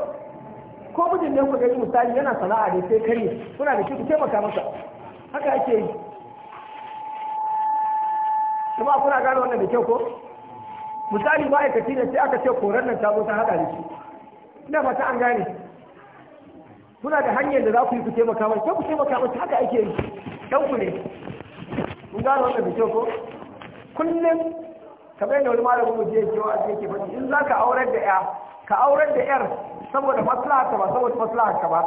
ko mijin ne kuka gani misali yana sana'a ne sai kare kuna da shi ku taimaka masa haka ake yi kuma kuna gane wannan da kyau ko misali ma'aikaci ne sai aka ce koran nan ta zo ta haɗa da shi ina fata an gane kuna da hanyar da za ku yi ku taimaka masa sai ku taimaka masa haka ake yi ɗan ku ne gane wannan da kyau ko kullum kamar yadda wani malamin mu je ke wa ke faɗi in za ka aurar da ya ka aurar da yar saboda maslaha ka ba saboda maslaha ka ba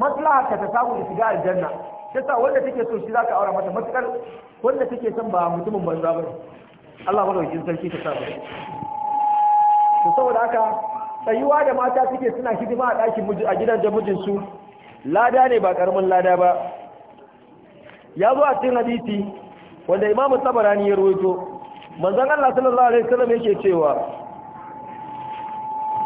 maslaha ka ta samu da shiga aljanna sa wanda take so shi za ka aura mata matukar wanda take son ba mutumin banza ba Allah madaukakin sarki ta samu to saboda haka tsayuwa da mata suke suna hidima a ɗakin a gidan da mijinsu lada ne ba ƙaramin lada ba ya zo a cikin hadisi wanda Imam Tabarani ya rawaito manzan Allah sallallahu alaihi wasallam yake cewa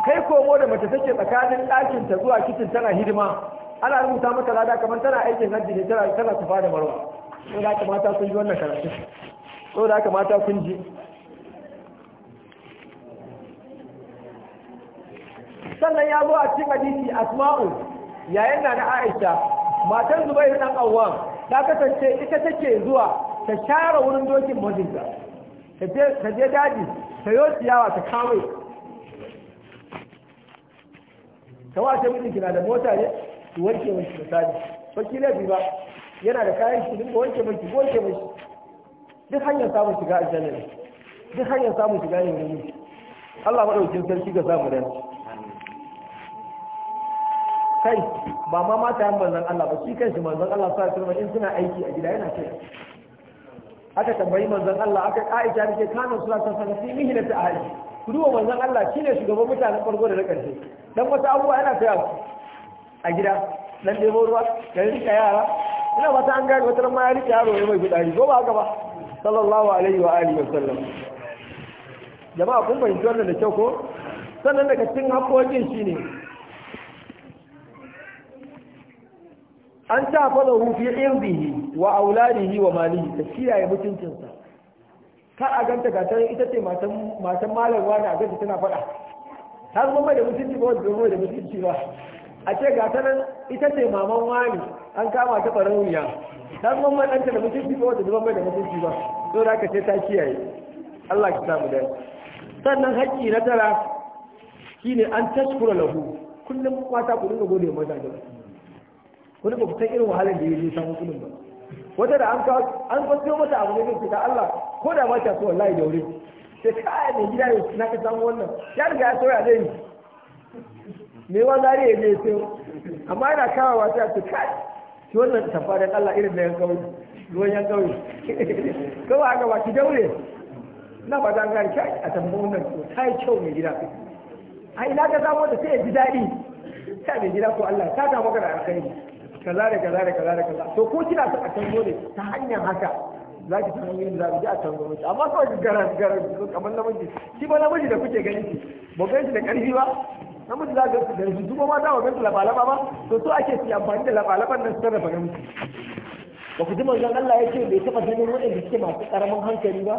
kai komo da mace take tsakanin ɗakin ta zuwa kicin tana hidima ana rubuta maka lada kamar tana aikin hajji ne tana tana tafa da marwa sai da mata sun ji wannan karatu so da mata sun ji sannan ya zo a cikin hadisi asma'u yayin da na Aisha Matan Zubair dan Awwam ta kasance ita take zuwa ta share wurin dokin mijinta ta je daji ta yi siyawa ta kawai ta wace mijinki na da mota ne ki wanke mai da ba baki laifi ba yana da kayan shi dinka wanke mai ki wanke mai duk hanyar samun shiga a ne duk hanyar samun shiga ne ne Allah madaukakin sarki ga samun dace kai ba ma mata yan Allah ba shi kanshi manzan Allah sallallahu kuma in suna aiki a gida yana kai aka tambayi manzan Allah aka Aisha take kana sura ta sanin fi mihnati ahli ku duba manzan Allah shine shugaban mutanen farko da karshe dan wata abuwa yana kai a gida dan debo ruwa ga rika yara ina wata an ga wata ma ya rika yaro ne mai gudari ko ba haka ba sallallahu alaihi wa alihi wasallam jama'a kun fahimci wannan da kyau ko sannan daga cikin hakkokin shine an ta fada hufi irbihi wa auladihi wa malihi ta kiyaye mutuncinsa ka a ganta ga tare ita ce matan malam wani a ganta tana fada ta zama mai da mutunci ba wanda zama da mutunci ba a ce ga tare ita ce maman wani an kama ta farauniya ta zama mai ɗanta da mutunci ba wanda zama mai da mutunci ba to da ka ce ta kiyaye Allah ki samu dai sannan haƙƙi na tara shine an tashkura lahu kullum mata ku dinga gode maza da wani ba ku san irin wahalar da ya yi samun kudin ba wata da an kawo an kwanciyo mata abu ne zai da Allah ko da ma mata so wallahi da wuri sai kai mai gida ne na ka samu wannan ya riga ya soya zai yi me wa zari ya je sai amma yana kawo wata ta kai shi wannan tafa da Allah irin da ya kawai ruwan yan kawai kawai ga baki daure na ba zan gani kai a tambayi wannan to Kai kyau mai gida a ina ka samu da sai ya ji daɗi ta mai gida ko Allah ta ta maka da alkhairi kaza da kaza da kaza da kaza to ko kina son a canzo ne ta hanyar haka za ki san hanyoyin da za a canzo miki amma kawai gara gara kamar namiji shi ba namiji da kuke gani shi ba gan shi da karfi ba namiji za ga da su kuma ma za ga su labalaba ba to so ake su amfani da labalaban nan su sarrafa namiji ba ku ji manzon Allah ya ce bai taɓa ganin waɗanda suke masu ƙaramin hankali ba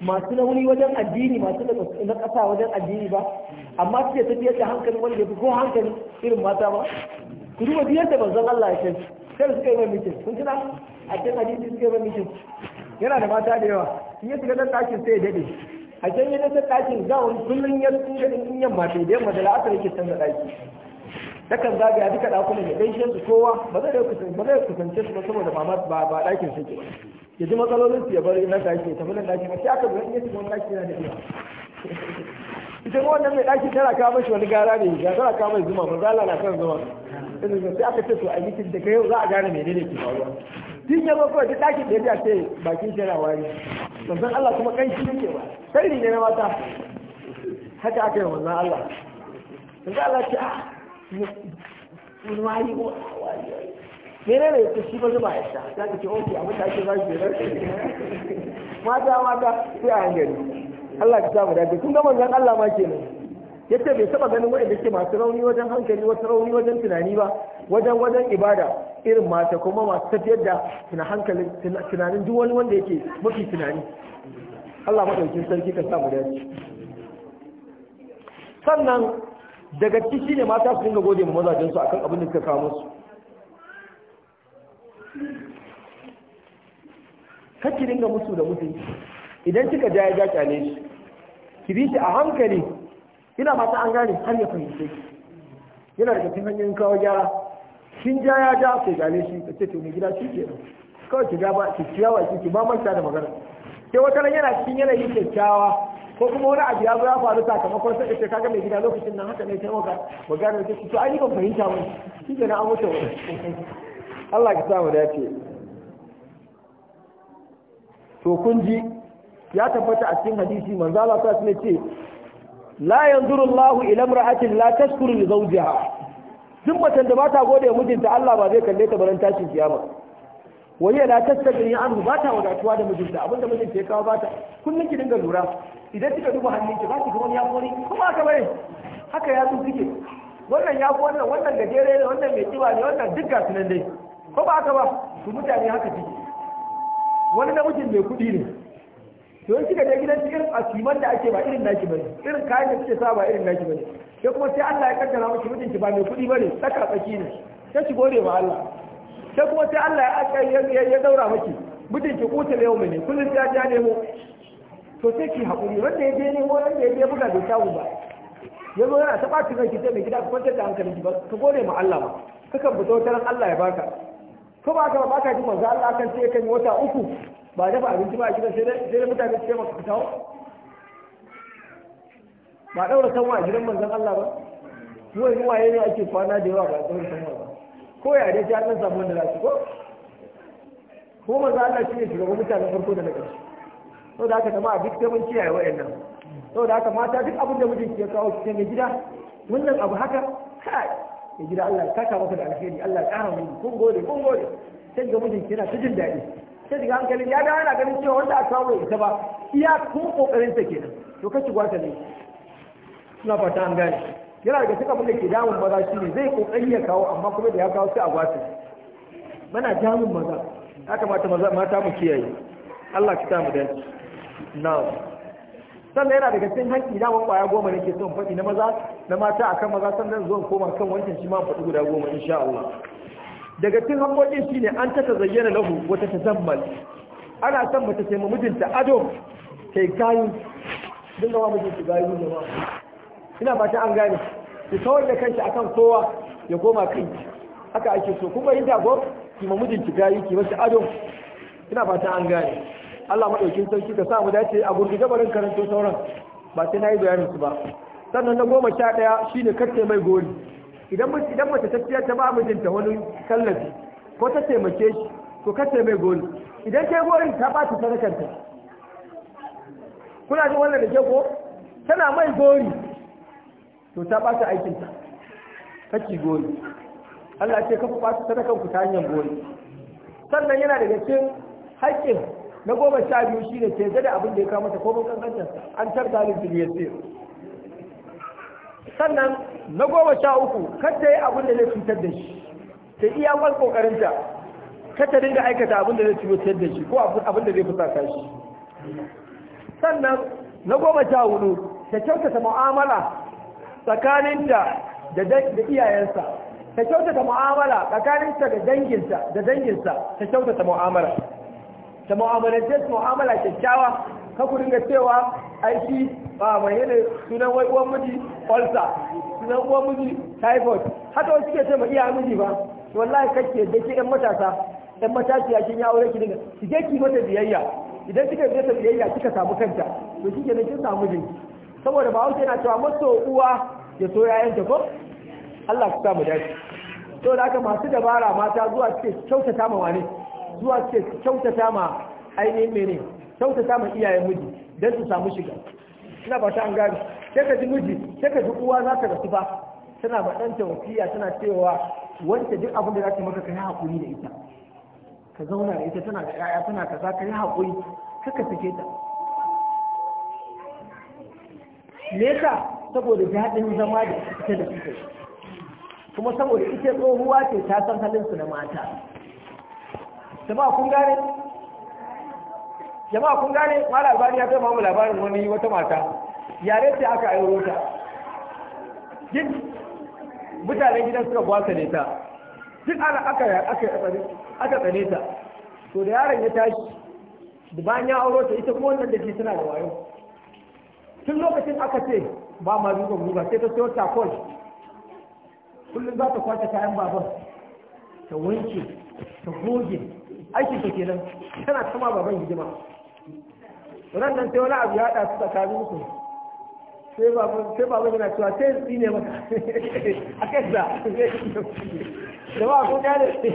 masu nauyi wajen addini masu na ƙasa wajen addini ba amma suke tafiyar da hankali wanda ya fi ko hankali irin mata ba ku duba biyar da manzon Allah ya kai sai suka yi mai mitin kun tuna a cikin hadisi suka yi mai mitin yana da mata da yawa in ya shiga dan ɗakin sai ya daɗe a can ya daɗe ɗakin gawon kullum ya tsinga in yamma sai da yamma da la'asar yake canza ɗaki takan zagaya duka ɗakunan ya shan su kowa ba zai kusance ba zai kusance su ba saboda mama ba ba ɗakin suke ba ya ji matsalolin su ya bari na ɗaki ya tafi nan ɗaki ba sai aka bari ya shiga wani ɗaki yana da biya ita wannan mai ɗaki tana kawo mashi wani gara ne ya tana kawo mai zuma ba zala na kan zuma irin sai aka ce to a mitin daga yau za a gane menene ke faruwa tun yabo kawai duk ɗakin da ya ce bakin shi yana wari sannan Allah kuma kanshi yake ba sharri ne na mata haka aka yi wannan Allah sannan Allah ce ah wani wari ko wari mene ne ta shi ba zuba ya sha za ka a oke abin da ake bashi mata mata sai a hankali Allah ka samu dace kun ga manzon Allah ma kenan yace bai taba ganin waɗanda ke masu rauni wajen hankali wasu rauni wajen tunani ba wajen wajen ibada irin mata kuma masu tafiyar da tunanin duk wani wanda yake mafi tunani Allah madaukin sarki ka samu dace sannan daga ciki ne mata su dinga gode ma su akan abin da suka kawo musu kake dinga musu da mutunci idan kika ja ya ja kyale shi ki bi shi a hankali ina mata an gane har ya fahimce shi yana da cikin hanyoyin kawo gyara Shin ja ya ja ko gane shi ka ce to mai gida shi ke kawai ki ga ba ki ciyawa ki ba manta da magana ke wata ran yana cikin yanayin kyakkyawa ko kuma wani abu ya zo ya faru sakamakon sai ce kaga mai gida lokacin nan haka ne sai maka magana ta to ai ban fahimta ba shi ke na an wuce Allah ya samu dace to kun ji ya tabbata a cikin hadisi manzo Allah ta ce la yanzuru Allahu ila imra'atin la tashkuru li zawjiha duk macen da bata gode wa mijinta Allah ba zai kalle ta baran tashin kiyama wani yana tattabi ya anhu ba ta wadatuwa da mijinta abinda mijinta ya kawo ba ta kullum ki dinga lura idan kika duba hannunki ba ki ga wani yafori kuma haka bare haka ya tsufi ke wannan ya fi wannan wannan gajere ne wannan mai kiba ne wannan duk gasu nan dai ko ba haka ba su mutane haka ciki wani namijin mai kuɗi ne to in kika je gidan irin asiman da ake ba irin naki bane irin kayan da suke sa ba irin naki bane sai kuma sai Allah ya kaddara miki mutunci ba mai kuɗi bane tsaka tsaki ne sai ki gode ma Allah sai kuma sai Allah ya aka ya daura miki mijinki kuta yau ne kullun ya ja nemo to sai ki haƙuri wanda ya je nemo wanda ya je buga bai samu ba ya zo yana ta cikin ki sai mai gida ka kwantar da hankalin ki ba ka gode ma Allah ba kakan fito wata Allah ya baka ko ba ka ba ka ji manzo Allah kan ce kan wata uku ba dafa abinci ba a gidan sai dai mutane su taimaka ka kawo ba daura sanwa a gidan manzon Allah ba Su Wani waye ne ake kwana da yawa ba a daura sanwa ba ko ya dai ta samun samu wanda za su ko ko manzon Allah shi ne shugaban mutane farko da na ƙarshe aka haka a duk sai mun kiyaye sau da haka mata duk abin da mutum ke kawo cikin gida wannan abu haka kai ya gida Allah ya kaka maka da alheri Allah ya kara mu kun gode kun gode sai ga mutum yana ta jin daɗi sai daga hankalin ya dawo yana ganin cewa wanda aka kawo ita ba iya kun kokarin ta kenan to ka ci gwata ne suna fata an gane yana daga cikin abin da ke damun maza shi ne zai kokari ya kawo amma kuma da ya kawo sai a gwata mana damun maza haka mata maza mata mu kiyaye Allah ki ta mu dace na'am sannan yana daga cikin hanki da wani kwaya goma nake son faɗi na maza na mata akan maza sannan zuwan koma kan wancan shi ma faɗi guda goma insha Allah daga cikin haƙoƙin shine an ta zayyana lahu wata tazammal ana son mace sai mijinta ado kai gayu dinga wa mijinta gayu ne ma ina ta an gane ki kawar da kanki akan kowa ya goma kanki haka ake so kuma yin dago ki ma mijinki gayu ki masa ado ina ta an gane Allah madaukin sarki ka sa mu dace a gurbi barin karanto sauran ba sai nayi bayanin su ba sannan na goma sha ɗaya shine kace mai gori idan mace idan ta ciyar ta ba mijinta wani kallafi, ko ta taimake shi to ka mai goli idan kai gorin ta ba ta sadakanta kuna jin wannan da ke ko tana mai gori, to ta ba ta aikin ta kaci gori Allah ce ka ku ba ta sadakan ku ta hanyar gori sannan yana daga cikin haƙƙin na goma sha biyu shi ne ce da abin da ya kawo mata ko mun kankantar an tarda ni biliyasir sannan na goma sha uku kar ta yi abin da zai cutar da shi ta iya wani kokarinta kar ta dinga aikata abin da zai cutar da shi ko abin da zai fusata shi sannan na goma sha hudu ta kyautata mu'amala tsakaninta da iyayensa ta kyautata mu'amala tsakaninta da danginsa da danginsa ta kyautata mu'amala ta mu'amalance mu'amala kyakkyawa ka kudin ga cewa aiki ba mai yana sunan wai uwan miji ulcer sunan uwan miji typhoid haka wasu ke ce ma iya miji ba wallahi kake da ke yan matasa yan matasa yakin ya aure ki dinga ki je ki mata biyayya idan kika je ta biyayya kika samu kanta to kike ne kin samu jinki saboda ba wuce yana cewa maso uwa ya so yayanta ko Allah ku samu dace to da haka masu dabara mata zuwa suke kyautata ma wane zuwa suke kyautata ma ainihin mene kyautata samun iyayen miji don su samu shiga ina ba ta an gari sai ka ji miji sai ka ji uwa za ka rasu ba. tana ba ɗan tawafiya tana cewa wanda duk abin da za ta maka ka yi haƙuri da ita ka zauna da ita tana da 'ya'ya tana kaza ka yi haƙuri kaka sake ta me yasa saboda daɗin zama da ita da suka kuma saboda ita tsohuwa ce ta san halinsu na mata ta ba kun gane jama'a kun gane mala albani ya kai mu labarin wani wata mata yare sai aka auro ta duk mutanen gidan suka gwasa ne ta duk ana aka aka tsane ta to da yaron ya tashi da bayan ya auro ta ita kuma wannan da ke tana da wayo tun lokacin aka ce ba ma duka guga sai ta sayo kol kullum za ta kwace kayan baban ta wanke ta goge aikin ta kenan tana kama baban hidima ran nan sai wani abu ya haɗa su tsakanin su sai baban yana cewa sai tsi ne maka a kai da da ba ko ne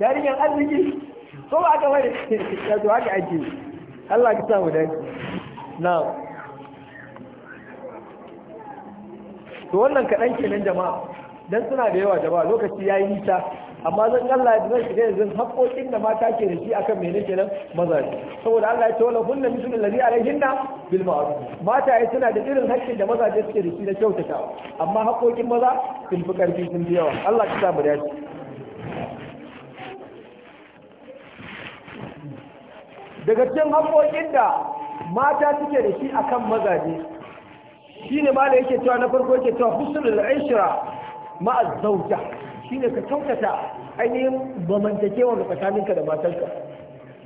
yarinyar arziki ko ba aka bari ya zo haka ake Allah ka samu dai na to wannan kaɗan kenan jama'a dan suna da yawa jama'a lokaci yayi nisa amma zan Allah ya zai shiga yanzu haƙoƙin da mata ke da shi akan mene kenan mazaje saboda Allah ya ce wala hunna mislu allazi alayhinna bil ma'ruf mata ai suna da irin haƙƙin da mazaje suke da shi na kyautata amma haƙoƙin maza sun fi ƙarfi sun fi yawa Allah ya sa mu dace daga cikin haƙoƙin da mata suke da shi akan mazaje shine ma da yake cewa na farko yake cewa husnul aishra ma'a shi ne ka kyautata ainihin bamantakewa da tsakaninka da matarka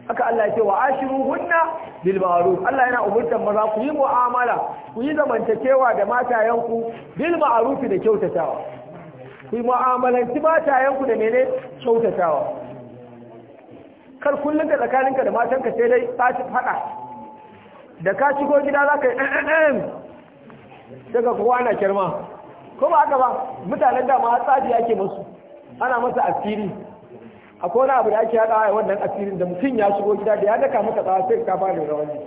haka Allah ya ce wa ashiru hunna bil ma'ruf Allah yana umurtar maza ku yi mu'amala ku yi zamantakewa da matayenku bil ma'ruf da kyautatawa ku yi mu'amalanci matayenku da mene kyautatawa kar kullun da tsakaninka da matanka sai dai tashi fada da ka shigo gida za ka yi daga kowa na kirma ko ba haka ba mutanen da ma tsafi ake musu ana masa asiri akwai wani abu da ake haɗa a wannan asirin da mutum ya shigo gida da ya daka maka tsawa sai ka fara wani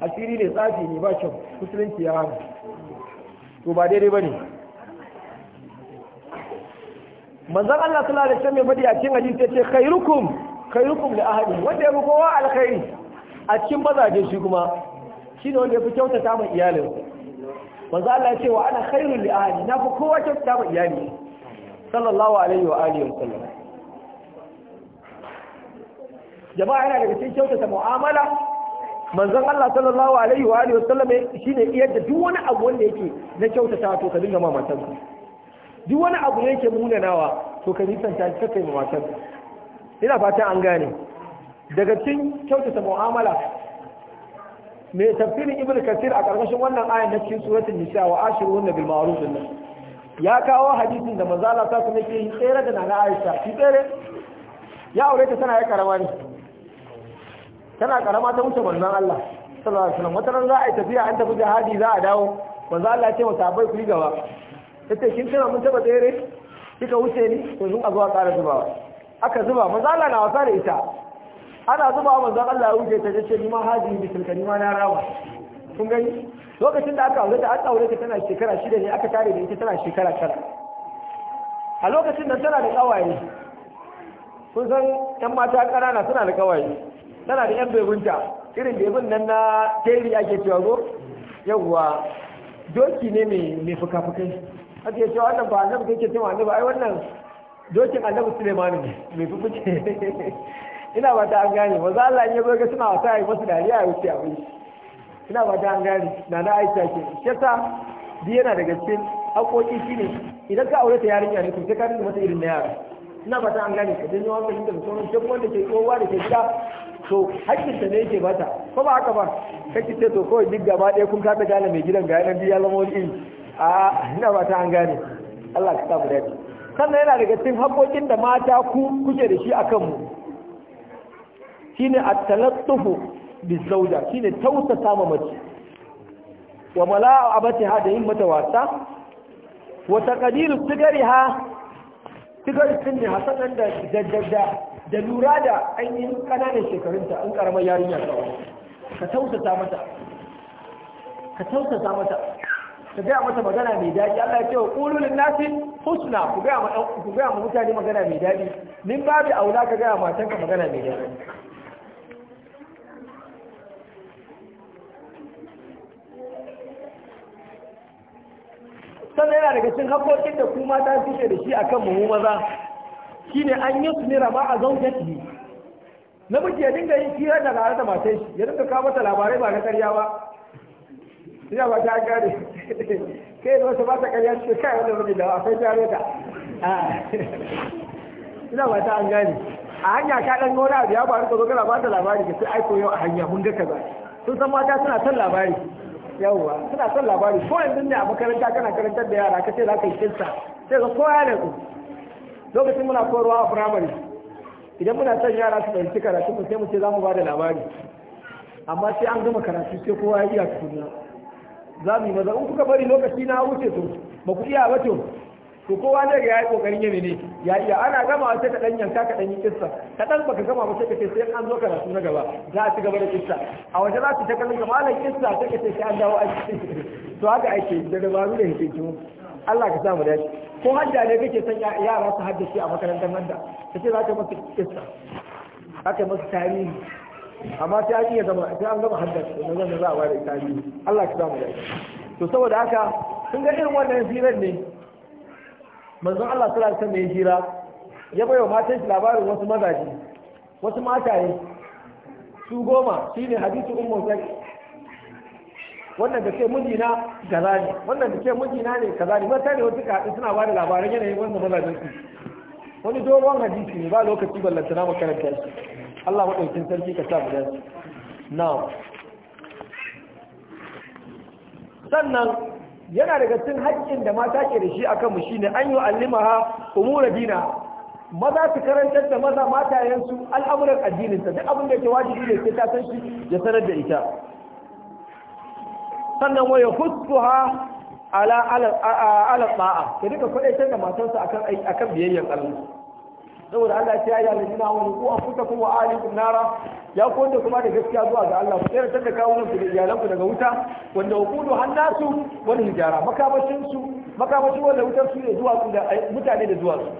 asiri ne tsafi ne ba kyau musulunci ya hana to ba daidai ba ne manzan Allah sallallahu alaihi wasallam mai a cikin hadisi rukun, khairukum khairukum da ahli wanda ya rukowa alkhairi a cikin mazaje shi kuma shine wanda ya fi kyautata mai iyalinsa manzo Allah ya ce wa ana khairul li ahli na fi kowa kyauta ba iyali sallallahu alaihi wa alihi wa sallam jama'a yana daga cikin kyautata mu'amala manzon Allah sallallahu alaihi wa alihi wa sallam shine iyar da duk wani abu wanda yake na kyautata to ka dinga ma matanka duk wani abu da yake munanawa to ka nisanta ka kai ma matanka ina fatan an gane daga cikin kyautata mu'amala mai tafsirin ibnu kasir a karkashin wannan ayan na cikin suratul nisa wa ashiruna bil ma'ruf din ya kawo hadisin da manzo Allah sallallahu alaihi yi tsere da nana Aisha ki tsere ya aure ta tana ya karama ne tana karama ta wuce manzon Allah sallallahu alaihi wasallam wata za a yi tafiya an tafi jihadi za a dawo manzo Allah ya ce mata bai ku gaba tace kin tana mun taba tsere kika wuce ni to zun azuwa ƙara zubawa aka zuba manzo Allah na wasa da ita ana zuba a manzan Allah ya wuce ta ce ni ma haji bi tilka ma na rawa kun gani lokacin da aka aure ta aka aure ta tana shekara shida ne aka tare da ita tana shekara tara a lokacin nan tana da kawaye kun san yan mata ƙanana suna da kawaye tana da yan bebunta irin bebun nan na teri ake cewa go yawwa doki ne mai fuka-fukai ake ya cewa wannan ba annabi kake cewa annabi ai wannan dokin annabi Sulaiman ne mai fuka ina ba ta an gane za Allah ya zo ga suna wata yi masu dariya ya wuce abin ina ba ta an gane na na aisha ke kyasa yasa yana da gaske haƙoƙi shine idan ka aure ta yarinya ne to sai ka rinka mata irin na yara ina ba ta an gane ka janyo shi da sauran duk wanda ke kowa da ke gida to haƙƙinta ta ne yake bata ko ba haka ba kake ce to kawai duk gaba ɗaya kun kada gane mai gidan ga yanar biya lamar in a ina ba ta an gane Allah ka sa mu dace sannan yana daga cikin haƙoƙin da mata ku kuke da shi akan mu shine at-talattufu bizauja shine tausasa ma mace wa mala'u abatiha da yin mata wasa wa taqdiru ha sigar sun ne hasanan da daddada da lura da an yi kananan shekarunta an karamar yarinya ta ka tausasa mata ka tausasa mata ka gaya mata magana mai daɗi Allah ya ce wa ƙululin nasi husna ku gaya ma mutane magana mai daɗi min babu aula ka gaya matanka magana mai daɗi sannan yana daga cikin haƙoƙin da kuma ta fice da shi akan mu maza shine an yi su nira ma a na namiji ya dinga yin kira da tare da matar shi ya dinga kawo mata labarai ba na karya ba ina ba ta gane kai da wata ba ta karya shi kai wanda wani da akwai tare ta ina ba ta an gane a hanya ka ɗan gona abu ya faru ka zo kana ba ta labari ka sai aiko yau a hanya mun ga kaza sun san mata suna son labari yawwa suna son labari ko yanzu ne a makaranta kana karantar da yara kace za ka yi kinsa sai ga kowa ne ku lokacin muna koyarwa a firamare idan muna son yara su fahimci karatu mu sai mu ce za mu ba da labari amma sai an gama karatu sai kowa ya iya tukuna za mu yi maza kuka bari lokaci na wuce to ba ku iya ba to kowa zai ga yayi kokarin yin ne ya iya ana gama sai ka dan yanka ka dan yi kissa ka dan baka gama ba sai ka ce sai an zo karatu na gaba za a ci gaba da kissa a waje za su ta kallon ga malam kissa sai ka ce sai an dawo aiki to haka ake da dabaru da hikimu Allah ka sa mu dace ko hadda ne kake son yara su haddace a makarantar da kace za ka masa kissa ka masa tarihi amma sai an iya gama sai an gama hadda da za a ware tarihi Allah ka sa mu dace to saboda haka kun ga irin wannan firar ne manzon Allah sallallahu alaihi wasallam ya jira ya bayo matan shi labarin wasu mazaje wasu mataye su goma shine hadisi ummu zaki wannan da ke mijina kaza ne wannan da ke mijina ne kaza ne mata ne wata ka haɗu suna bada labarin yanayin wannan mazajen su wani dogon hadisi ne ba lokaci ballantana makaranta shi Allah madaukin sarki ka sa mu dace na'am sannan yana daga cikin haƙƙin da mata ke da shi akan mu shine an yi allimaha umura dina maza su karantar da maza matayensu al'amuran addininsa duk abin da ke wajibi ne sai ta san shi ya sanar da ita sannan waya hussuha ala ala ala ta'a ka duka kwadaitar da matarsa akan akan biyayyan saboda Allah ya yi alladina amanu ku kuma wa ahlikum nara ya ku wanda kuma da gaskiya zuwa ga Allah ku tsere da kawunan su da iyalanku daga wuta wanda hukudu hannasu wani hijara makamashin su makamashin wanda wutar su ne zuwa da mutane da zuwa su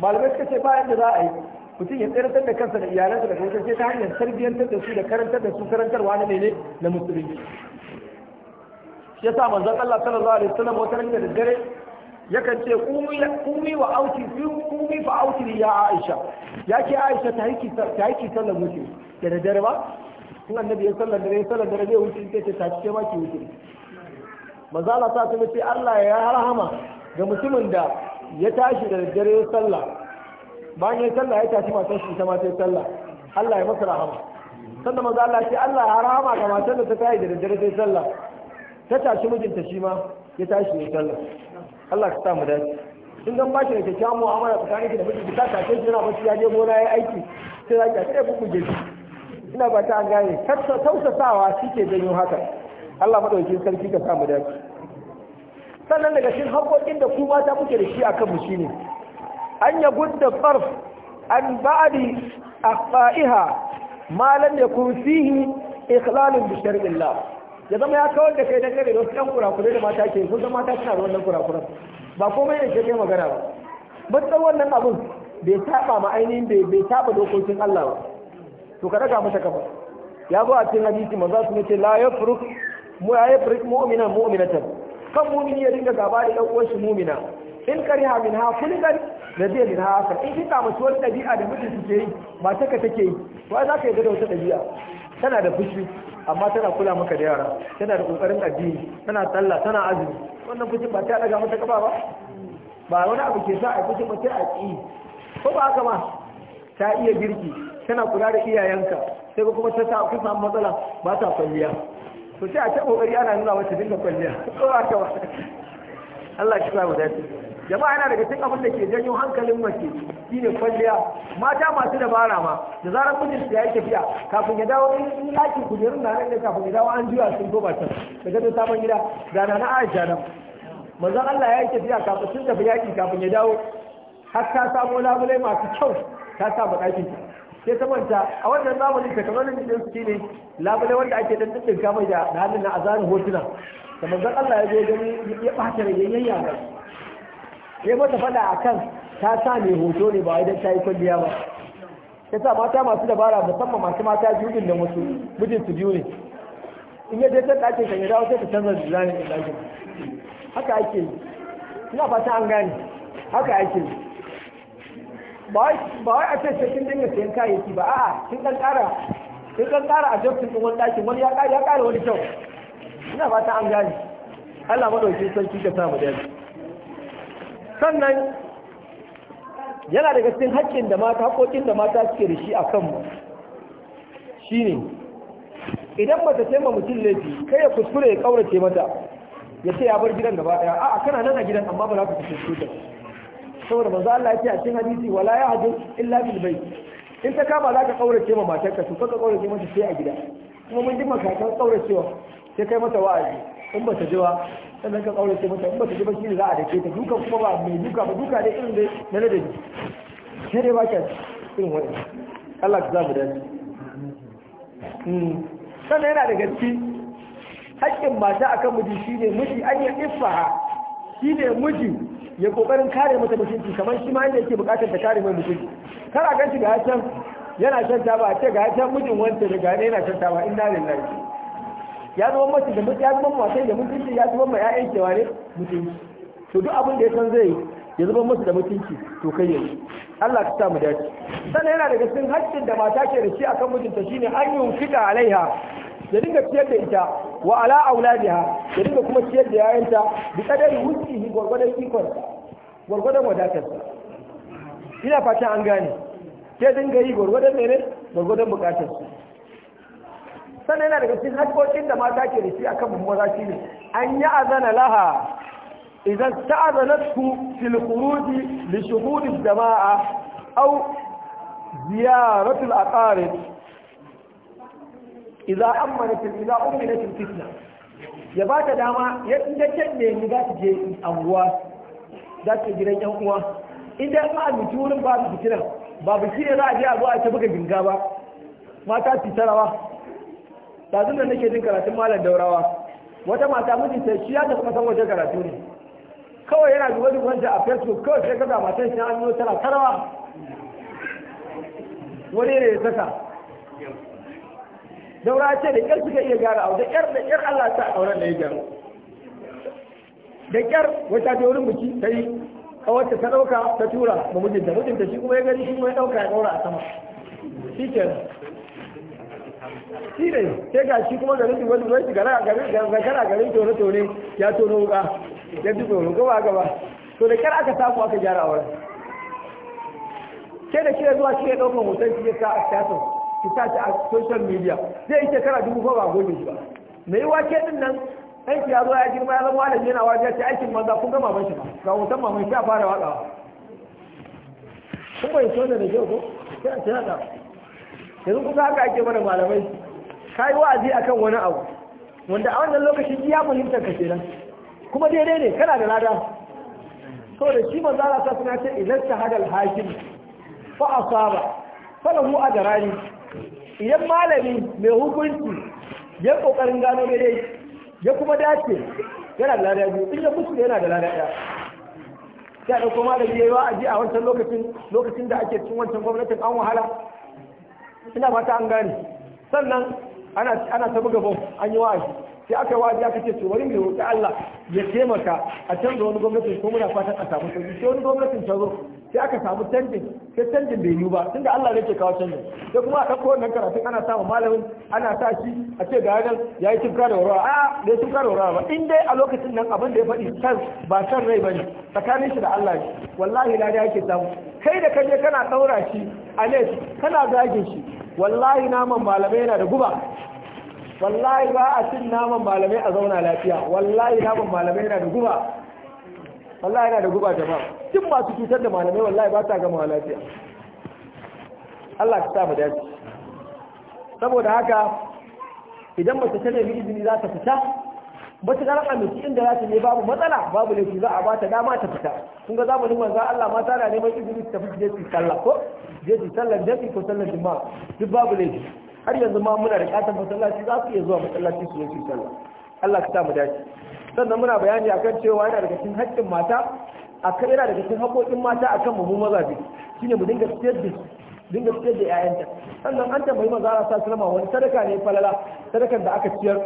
malamai suka ce bayan da za a yi mutum ya tsere da kansa da iyalansa daga wutar sai ta hanyar tarbiyyantar da su da karantar da su karantarwa na ne na musulunci Ya sa manzan Allah sallallahu alaihi wasallam wata ranar da dare yakan ce kumi wa auki kumi fa auki ya aisha ya ke aisha ta yi haiki sallar mutu da dare ba kun annabi ya sallar dare sallar dare zai wuce sai ta cike ma ki wuce manzo Allah ta ce Allah ya rahama ga mutumin da ya tashi da dare ya sallah bayan ya sallah ya tashi matar shi ta ma sai sallah Allah ya masa rahama sannan manzo Allah ya ce Allah ya rahama ga matar da ta tashi da dare sai sallah ta tashi mijinta shi ma ya tashi ya sallah Allah ka sa mu dace in dan ba shi da kyakkyawan mu'amala tsakanin ki da miji ka ta shi suna bacci ya je gona ya aiki sai za kace ku ku gaji ina ba ta an gane tausasawa shike janyo haka Allah madaukakin sarki ka sa mu dace sannan daga cikin haƙoƙin da ku mata kuke da shi akan mu shine an ya gudda tsarf an ba'adi fa'iha ma lam yakun fihi ikhlalun bi shar'illah ya zama ya kawar da kai dangane da wasu ɗan kurakurai da mata ke kun san mata suna da wannan kurakuran ba komai ne ke kai magana ba matsan wannan abun bai saba ma ainihin bai saba dokokin Allah ba to ka daga masa kafa ya zo a cikin hadisi manzo sun ce la yafruk mu ya yafruk mu'mina mu'minatan kan mu'mini ya dinga gaba da ɗan uwanshi mu'mina in kariha min ha kulkan da zai min ha in ki samu wani ɗabi'a da mutum suke yi ba ta ka take yi to ai za ka yi da wata ɗabi'a tana da fushi amma tana kula maka da yara tana da kokarin addini tana sallah tana azumi wannan fushin ba ta daga mata kafa ba ba wani abu ke sa a fushin ba ta a ko ba haka ma ta iya girki tana kula da iyayenka sai ba kuma ta sa ku samu matsala ba ta kwalliya to sai a ta kokari ana nuna mata dinga kwalliya ko ba haka ba Allah ya kiyaye mu shi jama'a yana daga cikin abin da ke janyo hankalin mace shine kwalliya mata masu dabara ma da zarar mijin ya yi tafiya kafin ya dawo in ɗakin kujerun da nan da kafin ya dawo an juya sun koma can da gado sabon gida da na na aisha nan manzon Allah ya yi tafiya kafin sun tafi yaki kafin ya dawo har ta samo labulai masu kyau ta samu ɗakin ke ta manta a wannan zamanin kamar din su ne labule wanda ake dan dukkan kamar da hannun na azarin hotuna da manzon Allah ya zo gani ya bata rayayyen ke mata fada a kan ta sa mai hoto ne ba idan ta yi kwalliya ba ya sa mata masu dabara musamman masu mata biyu da wasu mijin su biyu ne in ya ta ɗakin kan ya dawo sai ta canza design in ɗakin haka ake yi ina fata an gane haka ake yi ba wai a ce sai kin dinga sayan kayayyaki ba a'a kin kan ƙara kin kan ƙara adjustin ɗin wani ɗakin wani ya ƙara wani kyau ina fata an gane Allah madaukin sarki ka samu mu sannan yana daga cikin haƙƙin da mata haƙoƙin da mata suke da shi a kanmu ne idan mace ce ma mutum laifi kai ya kuskure ya ƙaurace mata ya ce ya bar gidan gaba a a'a kana nan a gidan amma ba za ka kuskure ta saboda manzo Allah ya ce a cikin hadisi wala ya hadu illa bil bai in ta kama za ka ƙaurace ma matarka to ka ƙaurace mata sai a gida kuma mun ji makakan ƙauracewa sai kai mata wa'azi in ba ta ji ba sannan ka aure ce mata in ba ta ji ba shi za a dake ta duka kuma ba mai duka ba duka dai irin dai na ladabi sai dai ba ka irin wani Allah ka zamu dace hmm. sannan yana da gaske, haƙƙin mata akan miji shine miji an yi iffaha shine miji ya kokarin kare mata mutunci kamar shi ma yadda yake bukatar ta kare mai mutunci kana ganci ga hakan yana shan taba ce ga hakan mijin wanda gane yana shan taba inna lillahi ya zama mace da mutunci ya zama mace da mutunci ya zama ma ya kewa ne mutunci to duk abin da ya san zai ya zama mace da mutunci to kai yanzu? Allah ka sa mu dace sannan yana daga cikin haƙƙin da mata ke da shi akan mijinta shine an yunfika alaiha ya dinga ciyar da ita wa ala auladiha ya dinga kuma ciyar da yayanta bi kadari wuskihi gwargwadon ikon, gwargwadon wadatar. ina fatan an gane ke dinga yi gwargwadon mene gwargwadon buƙatar. sannan yana daga cikin haƙoƙin da mata ke da shi a mu maza shi ne an yi azana laha idan ta'azanatu su filkuruji da shuhudi jama'a au ziyaratul aqarib idza amanat idza uminat fitna ya ba ta dama ya inda can ne ni za su je anguwa za ta gidan yan uwa idan ma ma'a mutu wurin babu fitinan babu shi ne za a je a zuwa ake ta buga ginga ba mata su tarawa tazun da nake jin karatun malam daurawa wata mata sai shi ya tafi kasan waje karatu ne kawai yana duba dubanta a facebook kawai sai kaga matan shi hannu tana tarawa wani ne ya saka daura ce da kyar suka iya gyara abu da kyar da kyar Allah ta auren da ya gyara da kyar wata ta wurin biki ta yi a wata ta ɗauka ta tura ma mijinta mijinta shi kuma ya gani shi kuma ya ɗauka ya ɗaura a sama shi kenan shi ne sai ga shi kuma garin duba duba shi gara garin tone tone ya tono wuka ya ji tsoro gaba gaba to da kar aka samu aka gyara a wurin sai da kira zuwa shi ya ɗaukar hoton shi ya sa a shafin ki sa shi a social media zai yi shekara dubu ba ba gobe shi ba yi wake din nan aiki ya zo ya girma ya zama malami yana ya ce aikin manza kun ga maman shi ba ga hoton maman shi a fara watsawa kuma bai so da da kyau ko sai a ce haka yanzu kusa haka ake mana malamai ka yi wa'azi a kan wani abu wanda a wannan lokacin ya fahimtar ka kenan kuma daidai ne kana da lada da shi maza na ta suna ce idan ta shahadal hakim fa asaba falahu ajrani idan malami mai hukunci ya kokarin gano daidai ya kuma dace yana da lada biyu in ya kuskure yana da lada ɗaya sai a ɗauko malami ya yi wa'azi a wancan lokacin lokacin da ake cin wancan gwamnatin an wahala ina fata an gane sannan ana ta buga bom an yi wa'azi sai aka wa'azi aka ce to bari mu roƙi Allah ya taimaka a canza wani gwamnati ko muna fatan a samu sauki sai wani gwamnatin ta zo sai aka samu canjin sai canjin bai yiwu ba tun da Allah ne ke kawo canjin sai kuma a ɗauko wannan karatun ana sa malamin ana sa shi a ce ga yanar ya yi tunkar da wurawa a da ya tunkar da wurawa ba in dai a lokacin nan abin da ya faɗi san ba san rai ba ne tsakanin shi da Allah ne wallahi na da yake samu kai da kaje kana saura shi a ne kana zage shi wallahi naman malamai yana da guba wallahi ba a cin naman malamai a zauna lafiya wallahi naman malamai yana da guba wallahi yana da guba jama'a duk masu cutar da malamai wallahi ba ta gama lafiya Allah ka sa mu dace saboda haka idan mace ta nemi izini za ta fita ba ta raka miki inda za ta ne babu matsala babu laifi za a ba ta dama ta fita kun ga zamanin manzo Allah mata na neman izini ta fita je su sallah ko je su je ko sallah juma'a duk babu laifi har yanzu ma muna da katan masallaci za su iya zuwa masallaci su yi sallah Allah ka sa mu dace sannan muna bayani akan cewa yana daga cikin haƙƙin mata akan yana daga cikin haƙoƙin mata akan mu mazaje shine mu dinga siyar da dinga fitar da ƴaƴanta sannan an tambayi manzo Allah sallallahu alaihi wani sadaka ne falala sadakan da aka ciyar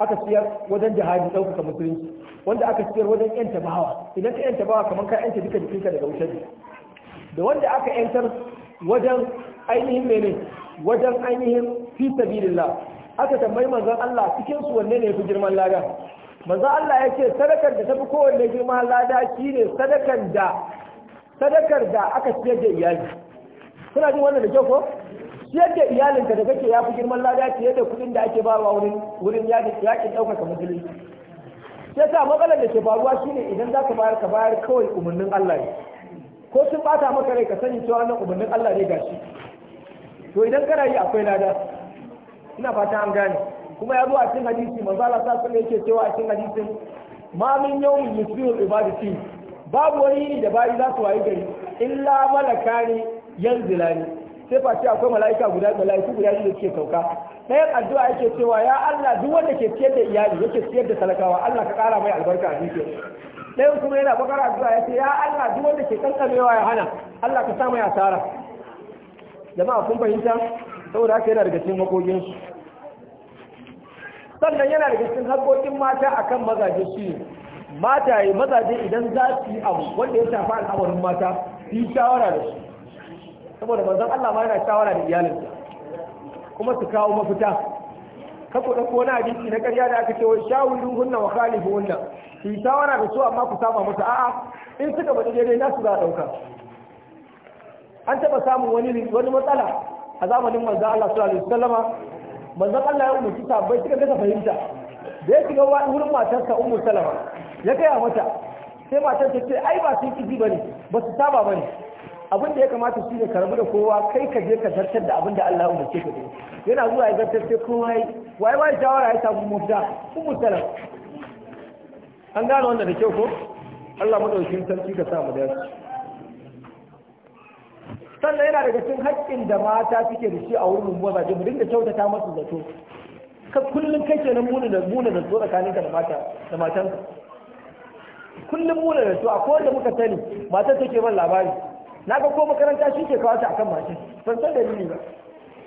aka ciyar wajen jihadi ɗaukaka musulunci wanda aka ciyar wajen ƴan tabawa idan ka ƴan tabawa kamar ka yanta duka jikinka daga wutar da wanda aka ƴantar wajen ainihin mene wajen ainihin fi sabilillah aka tambayi manzon Allah cikin su wanne ne yafi girman lada manzo Allah ya ce sadakar da tafi kowanne girma lada shine sadakar da sadakar da aka siyar da iyali kuna jin wannan da kyau ko Siyar da iyalinka da kake yafi girman lada fiye da kuɗin da ake bawa wurin wurin yakin ɗaukaka musulunci sai sa matsalar da ke faruwa shine idan za ka bayar ka bayar kawai umarnin Allah ne ko sun bata maka rai ka sani cewa wannan umarnin Allah ne gashi to idan kana yi akwai lada ina fata an gane kuma ya zo a cikin hadisi manzo Allah ta sallallahu yake cewa a cikin hadisin ma min yawmin yusbihu ibadati babu wani yini da bayi za su wayi gari illa malakani yanzilani sai face akwai mala'ika guda mala'iku guda da suke sauka ɗayan addu'a yake cewa ya Allah duk wanda ke ciyar da iyali yake ciyar da talakawa Allah ka ƙara mai albarka a jikin. ɗayan kuma yana bakar addu'a ya ce ya Allah duk wanda ke kankamewa ya hana Allah ka sa mai asara jama'a kun fahimta saboda haka yana daga cikin makoginsu sannan yana da cikin haƙoƙin mata akan mazaje shi mataye mazaje idan za su yi abu wanda ya shafa al'amarin mata su yi shawara da su saboda manzon Allah ma yana shawara da iyalinsa kuma su kawo mafita ka ku dauko na hadisi na ƙarya da aka ce wa shawirin hunna wa khalifu hunna yi shawara da su amma ku saba musu a'a in suka bada daidai na su za a dauka an taba samun wani wani matsala a zamanin manzon Allah sallallahu alaihi wasallama manzon Allah ya umarci sahabbai suka gasa fahimta da ya shiga wurin matarsa ummu salama ya kai mata sai matar ta ce ai ba sun kiji bane ba su saba bane abin da ya kamata shi ne ka rabu da kowa kai ka je ka zartar da abin da Allah ya umarce ka yana zuwa ya zartar sai kowa yi wai wai shawara ya samu mafita ummu salama an gano wannan da kyau ko Allah madaukakin sarki ka sa mu dace sannan yana daga cikin haƙƙin da mata suke da shi a wurin mazaje mu dinga kyautata masu zato ka kullum kai kenan muna da muna da zo tsakaninka da mata da matanka kullum muna da su a ko da muka sani matan take ban labari na ga ko makaranta shi ke kawo ta akan mashin ban san dalili ba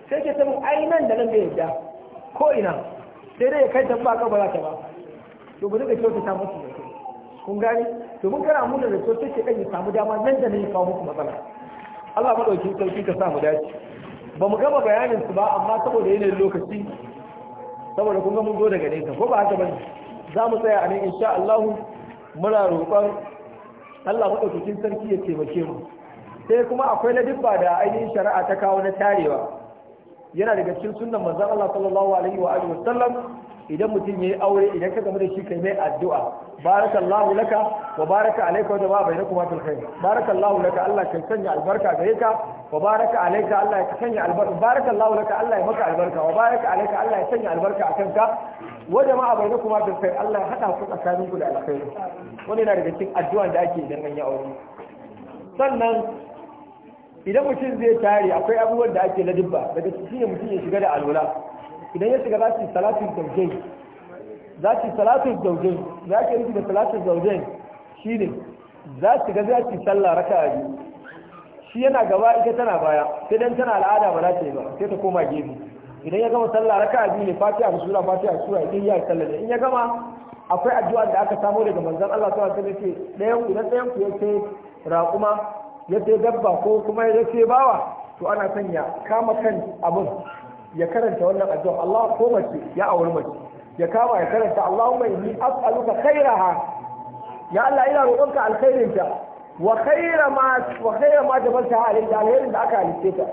sai ke samun ai nan da nan da yadda ko ina sai dai ya kai ta ba ka ba ta ba to mu dinga kyautata masu zato kun gane domin kana muna da so take kan ya samu dama nan da nan ya kawo muku matsala Allah madaukin sarki ka sa mu dace ba mu gama bayanin su ba amma saboda yanayin lokaci saboda kun ga mun zo daga nesa ko ba haka bane za mu tsaya a nan insha Allah muna roƙon Allah madaukakin sarki ya taimake mu sai kuma akwai na ladibba da ainihin shari'a ta kawo na tarewa yana daga cikin sunnan manzon Allah sallallahu alaihi wa alihi wasallam idan mutum yayi aure idan ka gamu da shi kai mai addu'a barakallahu laka wa baraka alayka wa jama'a bainakuma fil khair barakallahu laka Allah kai sanya albarka gare ka wa baraka alayka Allah ya sanya albarka barakallahu laka Allah ya maka albarka wa baraka alayka Allah ya sanya albarka akan ka wa jama'a bainakuma fil khair Allah ya hada ku tsakaninku da alkhairi wannan yana daga cikin addu'an da ake idan an yi aure sannan idan mutum zai tare akwai abubuwan da ake na dubba daga cikin ne mutum ya shiga da alwala idan ya shiga za su yi salatin za su yi salatun zaujen za ka yi da salatin zaujai shi ne za su ga za su yi sallah raka a biyu shi yana gaba ita tana baya sai dan tana al'ada ba za ta yi ba sai ta koma gefe idan ya gama sallah raka a biyu ne fatiha da sura fatiha sura idan ya yi sallah in ya gama akwai addu'a da aka samo daga manzon Allah ta wasu da ce dayan idan dayan ku ya ce raƙuma ya sai dabba ko kuma ya sai bawa to ana son ya kama kan abin ya karanta wannan addu'a Allah ko mace ya auri mace ya kama ya karanta Allahumma inni as'aluka khairaha ya Allah ina roƙonka alkhairinta wa khaira ma wa khaira ma jabaltaha alayka alkhairin da aka halice ta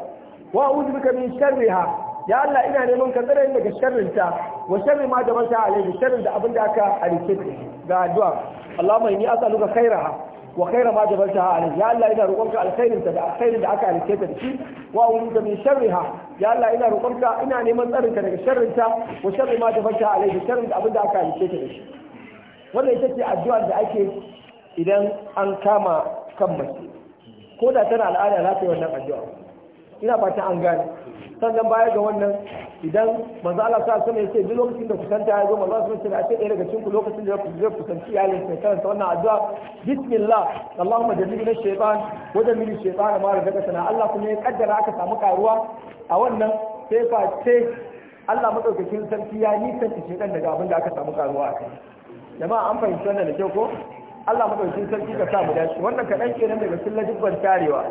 wa a'udhu bika min sharriha ya Allah ina neman ka tsare daga sharrinta wa sharri ma jabaltaha alayka sharrin da abin da aka halice ta ga addu'a Allahumma inni as'aluka khairaha wa khaira ma jabaltaha alayhi ya Allah ina roƙonka alkhairin ta da alkhairin da aka halice ta da shi wa a'udhu min sharriha ya Allah ina roƙonka ina neman tsarin ka daga sharrin ta wa sharri ma jabaltaha alayhi sharrin da abin da aka halice ta da shi wannan ita ce addu'a da ake idan an kama kan mace ko da tana al'ada za ta yi wannan addu'a ina fata an gane sannan baya ga wannan idan manzo Allah sa sama yace duk lokacin da kusanta ya zo manzo Allah sai ya ce ɗaya daga cikin ku lokacin da ku zai kusanci ya lissa sai karanta wannan addu'a bismillah Allahumma jannibna shaytan wa jannibna shaytan ma sana Allah kuma ya kaddara aka samu karuwa a wannan sai face Allah madaukakin sarki ya nisanta shaytan daga abin da aka samu karuwa a kai jama'a an fahimci wannan da kyau ko Allah madaukakin sarki ka sa mu dace wannan kaɗan kenan daga cikin lajibban tarewa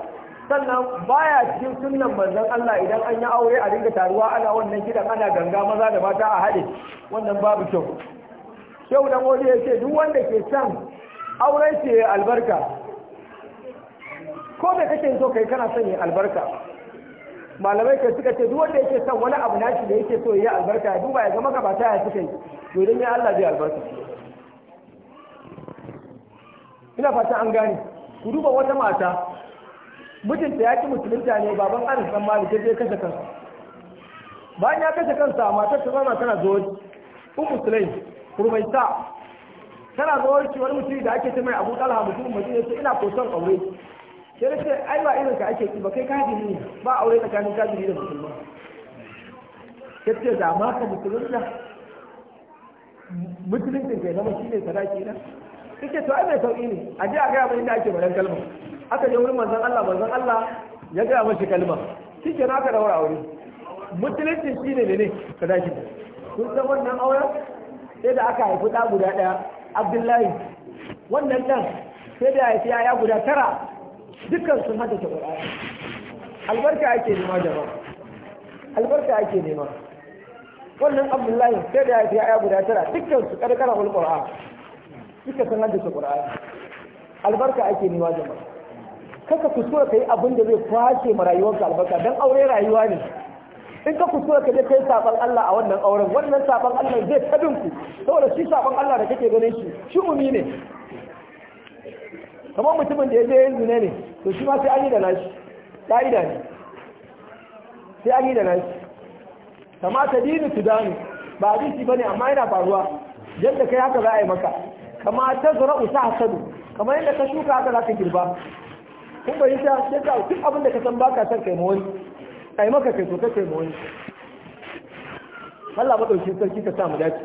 sannan baya cikin sunnan manzon Allah idan an yi aure a dinga taruwa ana wannan gidan ana ganga maza da mata a haɗe wannan babu kyau kyau dan wani ya ce duk wanda ke son auren ce albarka ko me kake so kai kana son yin albarka malamai kai suka ce duk wanda yake son wani abu nashi da yake so yi albarka duba ya zama gabata ya suka yi to dan ya Allah zai albarka ina fata an gane ku duba wata mata mijinta ya ki musulunta ne baban anas dan malik je kashe kansa bayan ya kashe kansa matar ta zama tana zuwa ummu sulaim rumaita tana zuwa shi wani mutum da ake ce mai abu talha mutum mutum ya ce ina koson aure sai ce ai ba irin ka ake ki ba kai kafiri ne ba aure tsakanin kafiri da musulma sai ce da ma ka musulunta musulunta ke zama shine sadaki na kace to ai mai sauki ne a je a ga mai inda ake barin kalmar aka je wurin manzon Allah manzon Allah ya gaya mashi kalma shi ke naka daura aure musulunci shi ne ne ka dashi kun san wannan auren sai da aka haifi ɗa guda ɗaya abdullahi wannan ɗan sai da haifi ya guda tara dukkan sun haddace ƙwararra albarka ake nema jama'a albarka ake nema wannan abdullahi sai da haifi ya guda tara dukkan su ƙarƙara ƙwararra duka sun haddace ƙwararra albarka ake nema jama'a kaka kusura ka yi abin da zai kwashe ma rayuwarka albarka don aure rayuwa ne in ka kusura ka je kai saban Allah a wannan auren wannan saban Allah zai tabin ku saboda shi saban Allah da kake ganin shi shi umi ne kamar mutumin da ya je yanzu zina ne to shi ma sai an yi da nashi ka'ida ne sai an yi da nashi kama ta dini dani ba ba ne amma yana faruwa yadda kai haka za a yi maka kama ta zura'u ta hasadu kamar yadda ka shuka haka za ka girba kun bayyanta sai ka duk abin da ka san baka san kai mawani kai maka kai to kai mawani Allah madaukakin sarki ka sa mu dace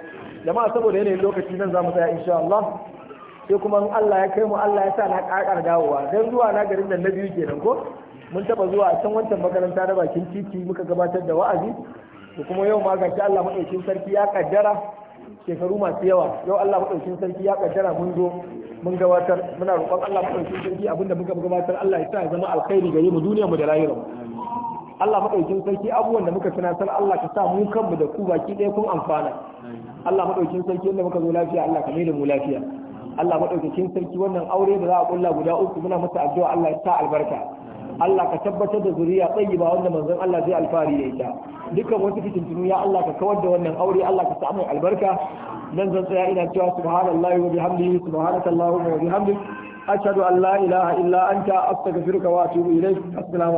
jama'a saboda yanayin lokaci nan zamu mu tsaya insha Allah sai kuma in Allah ya kai mu Allah ya sa na kakar dawowa dan zuwa na garin nan na biyu kenan ko mun taba zuwa a can wancan makaranta da bakin titi muka gabatar da wa'azi kuma yau ma gashi Allah madaukin sarki ya kaddara shekaru masu yawa yau Allah maɗaukin sarki ya ƙaddara mun zo mun gabatar muna roƙon Allah maɗaukin sarki abinda muka gabatar Allah ya sa ya zama alkhairi gare mu duniyar mu da lahirar Allah maɗaukin sarki abubuwan da muka tunatar Allah ka sa mu kanmu da ku baki ɗaya kun amfana Allah maɗaukin sarki inda muka zo lafiya Allah ka mai da mu lafiya Allah maɗaukakin sarki wannan aure da za a kulla guda uku muna masa addu'a Allah ya sa albarka Allah ka tabbatar da zuriya ba wanda manzon Allah zai alfari da ita dukkan wasu fitintunu ya Allah ka kawar da wannan aure Allah ka samu albarka nan zan tsaya ina cewa subhanallahi wa bihamdihi subhanakallahumma wa bihamdik ashhadu an la ilaha illa anta astaghfiruka wa atubu ilaik assalamu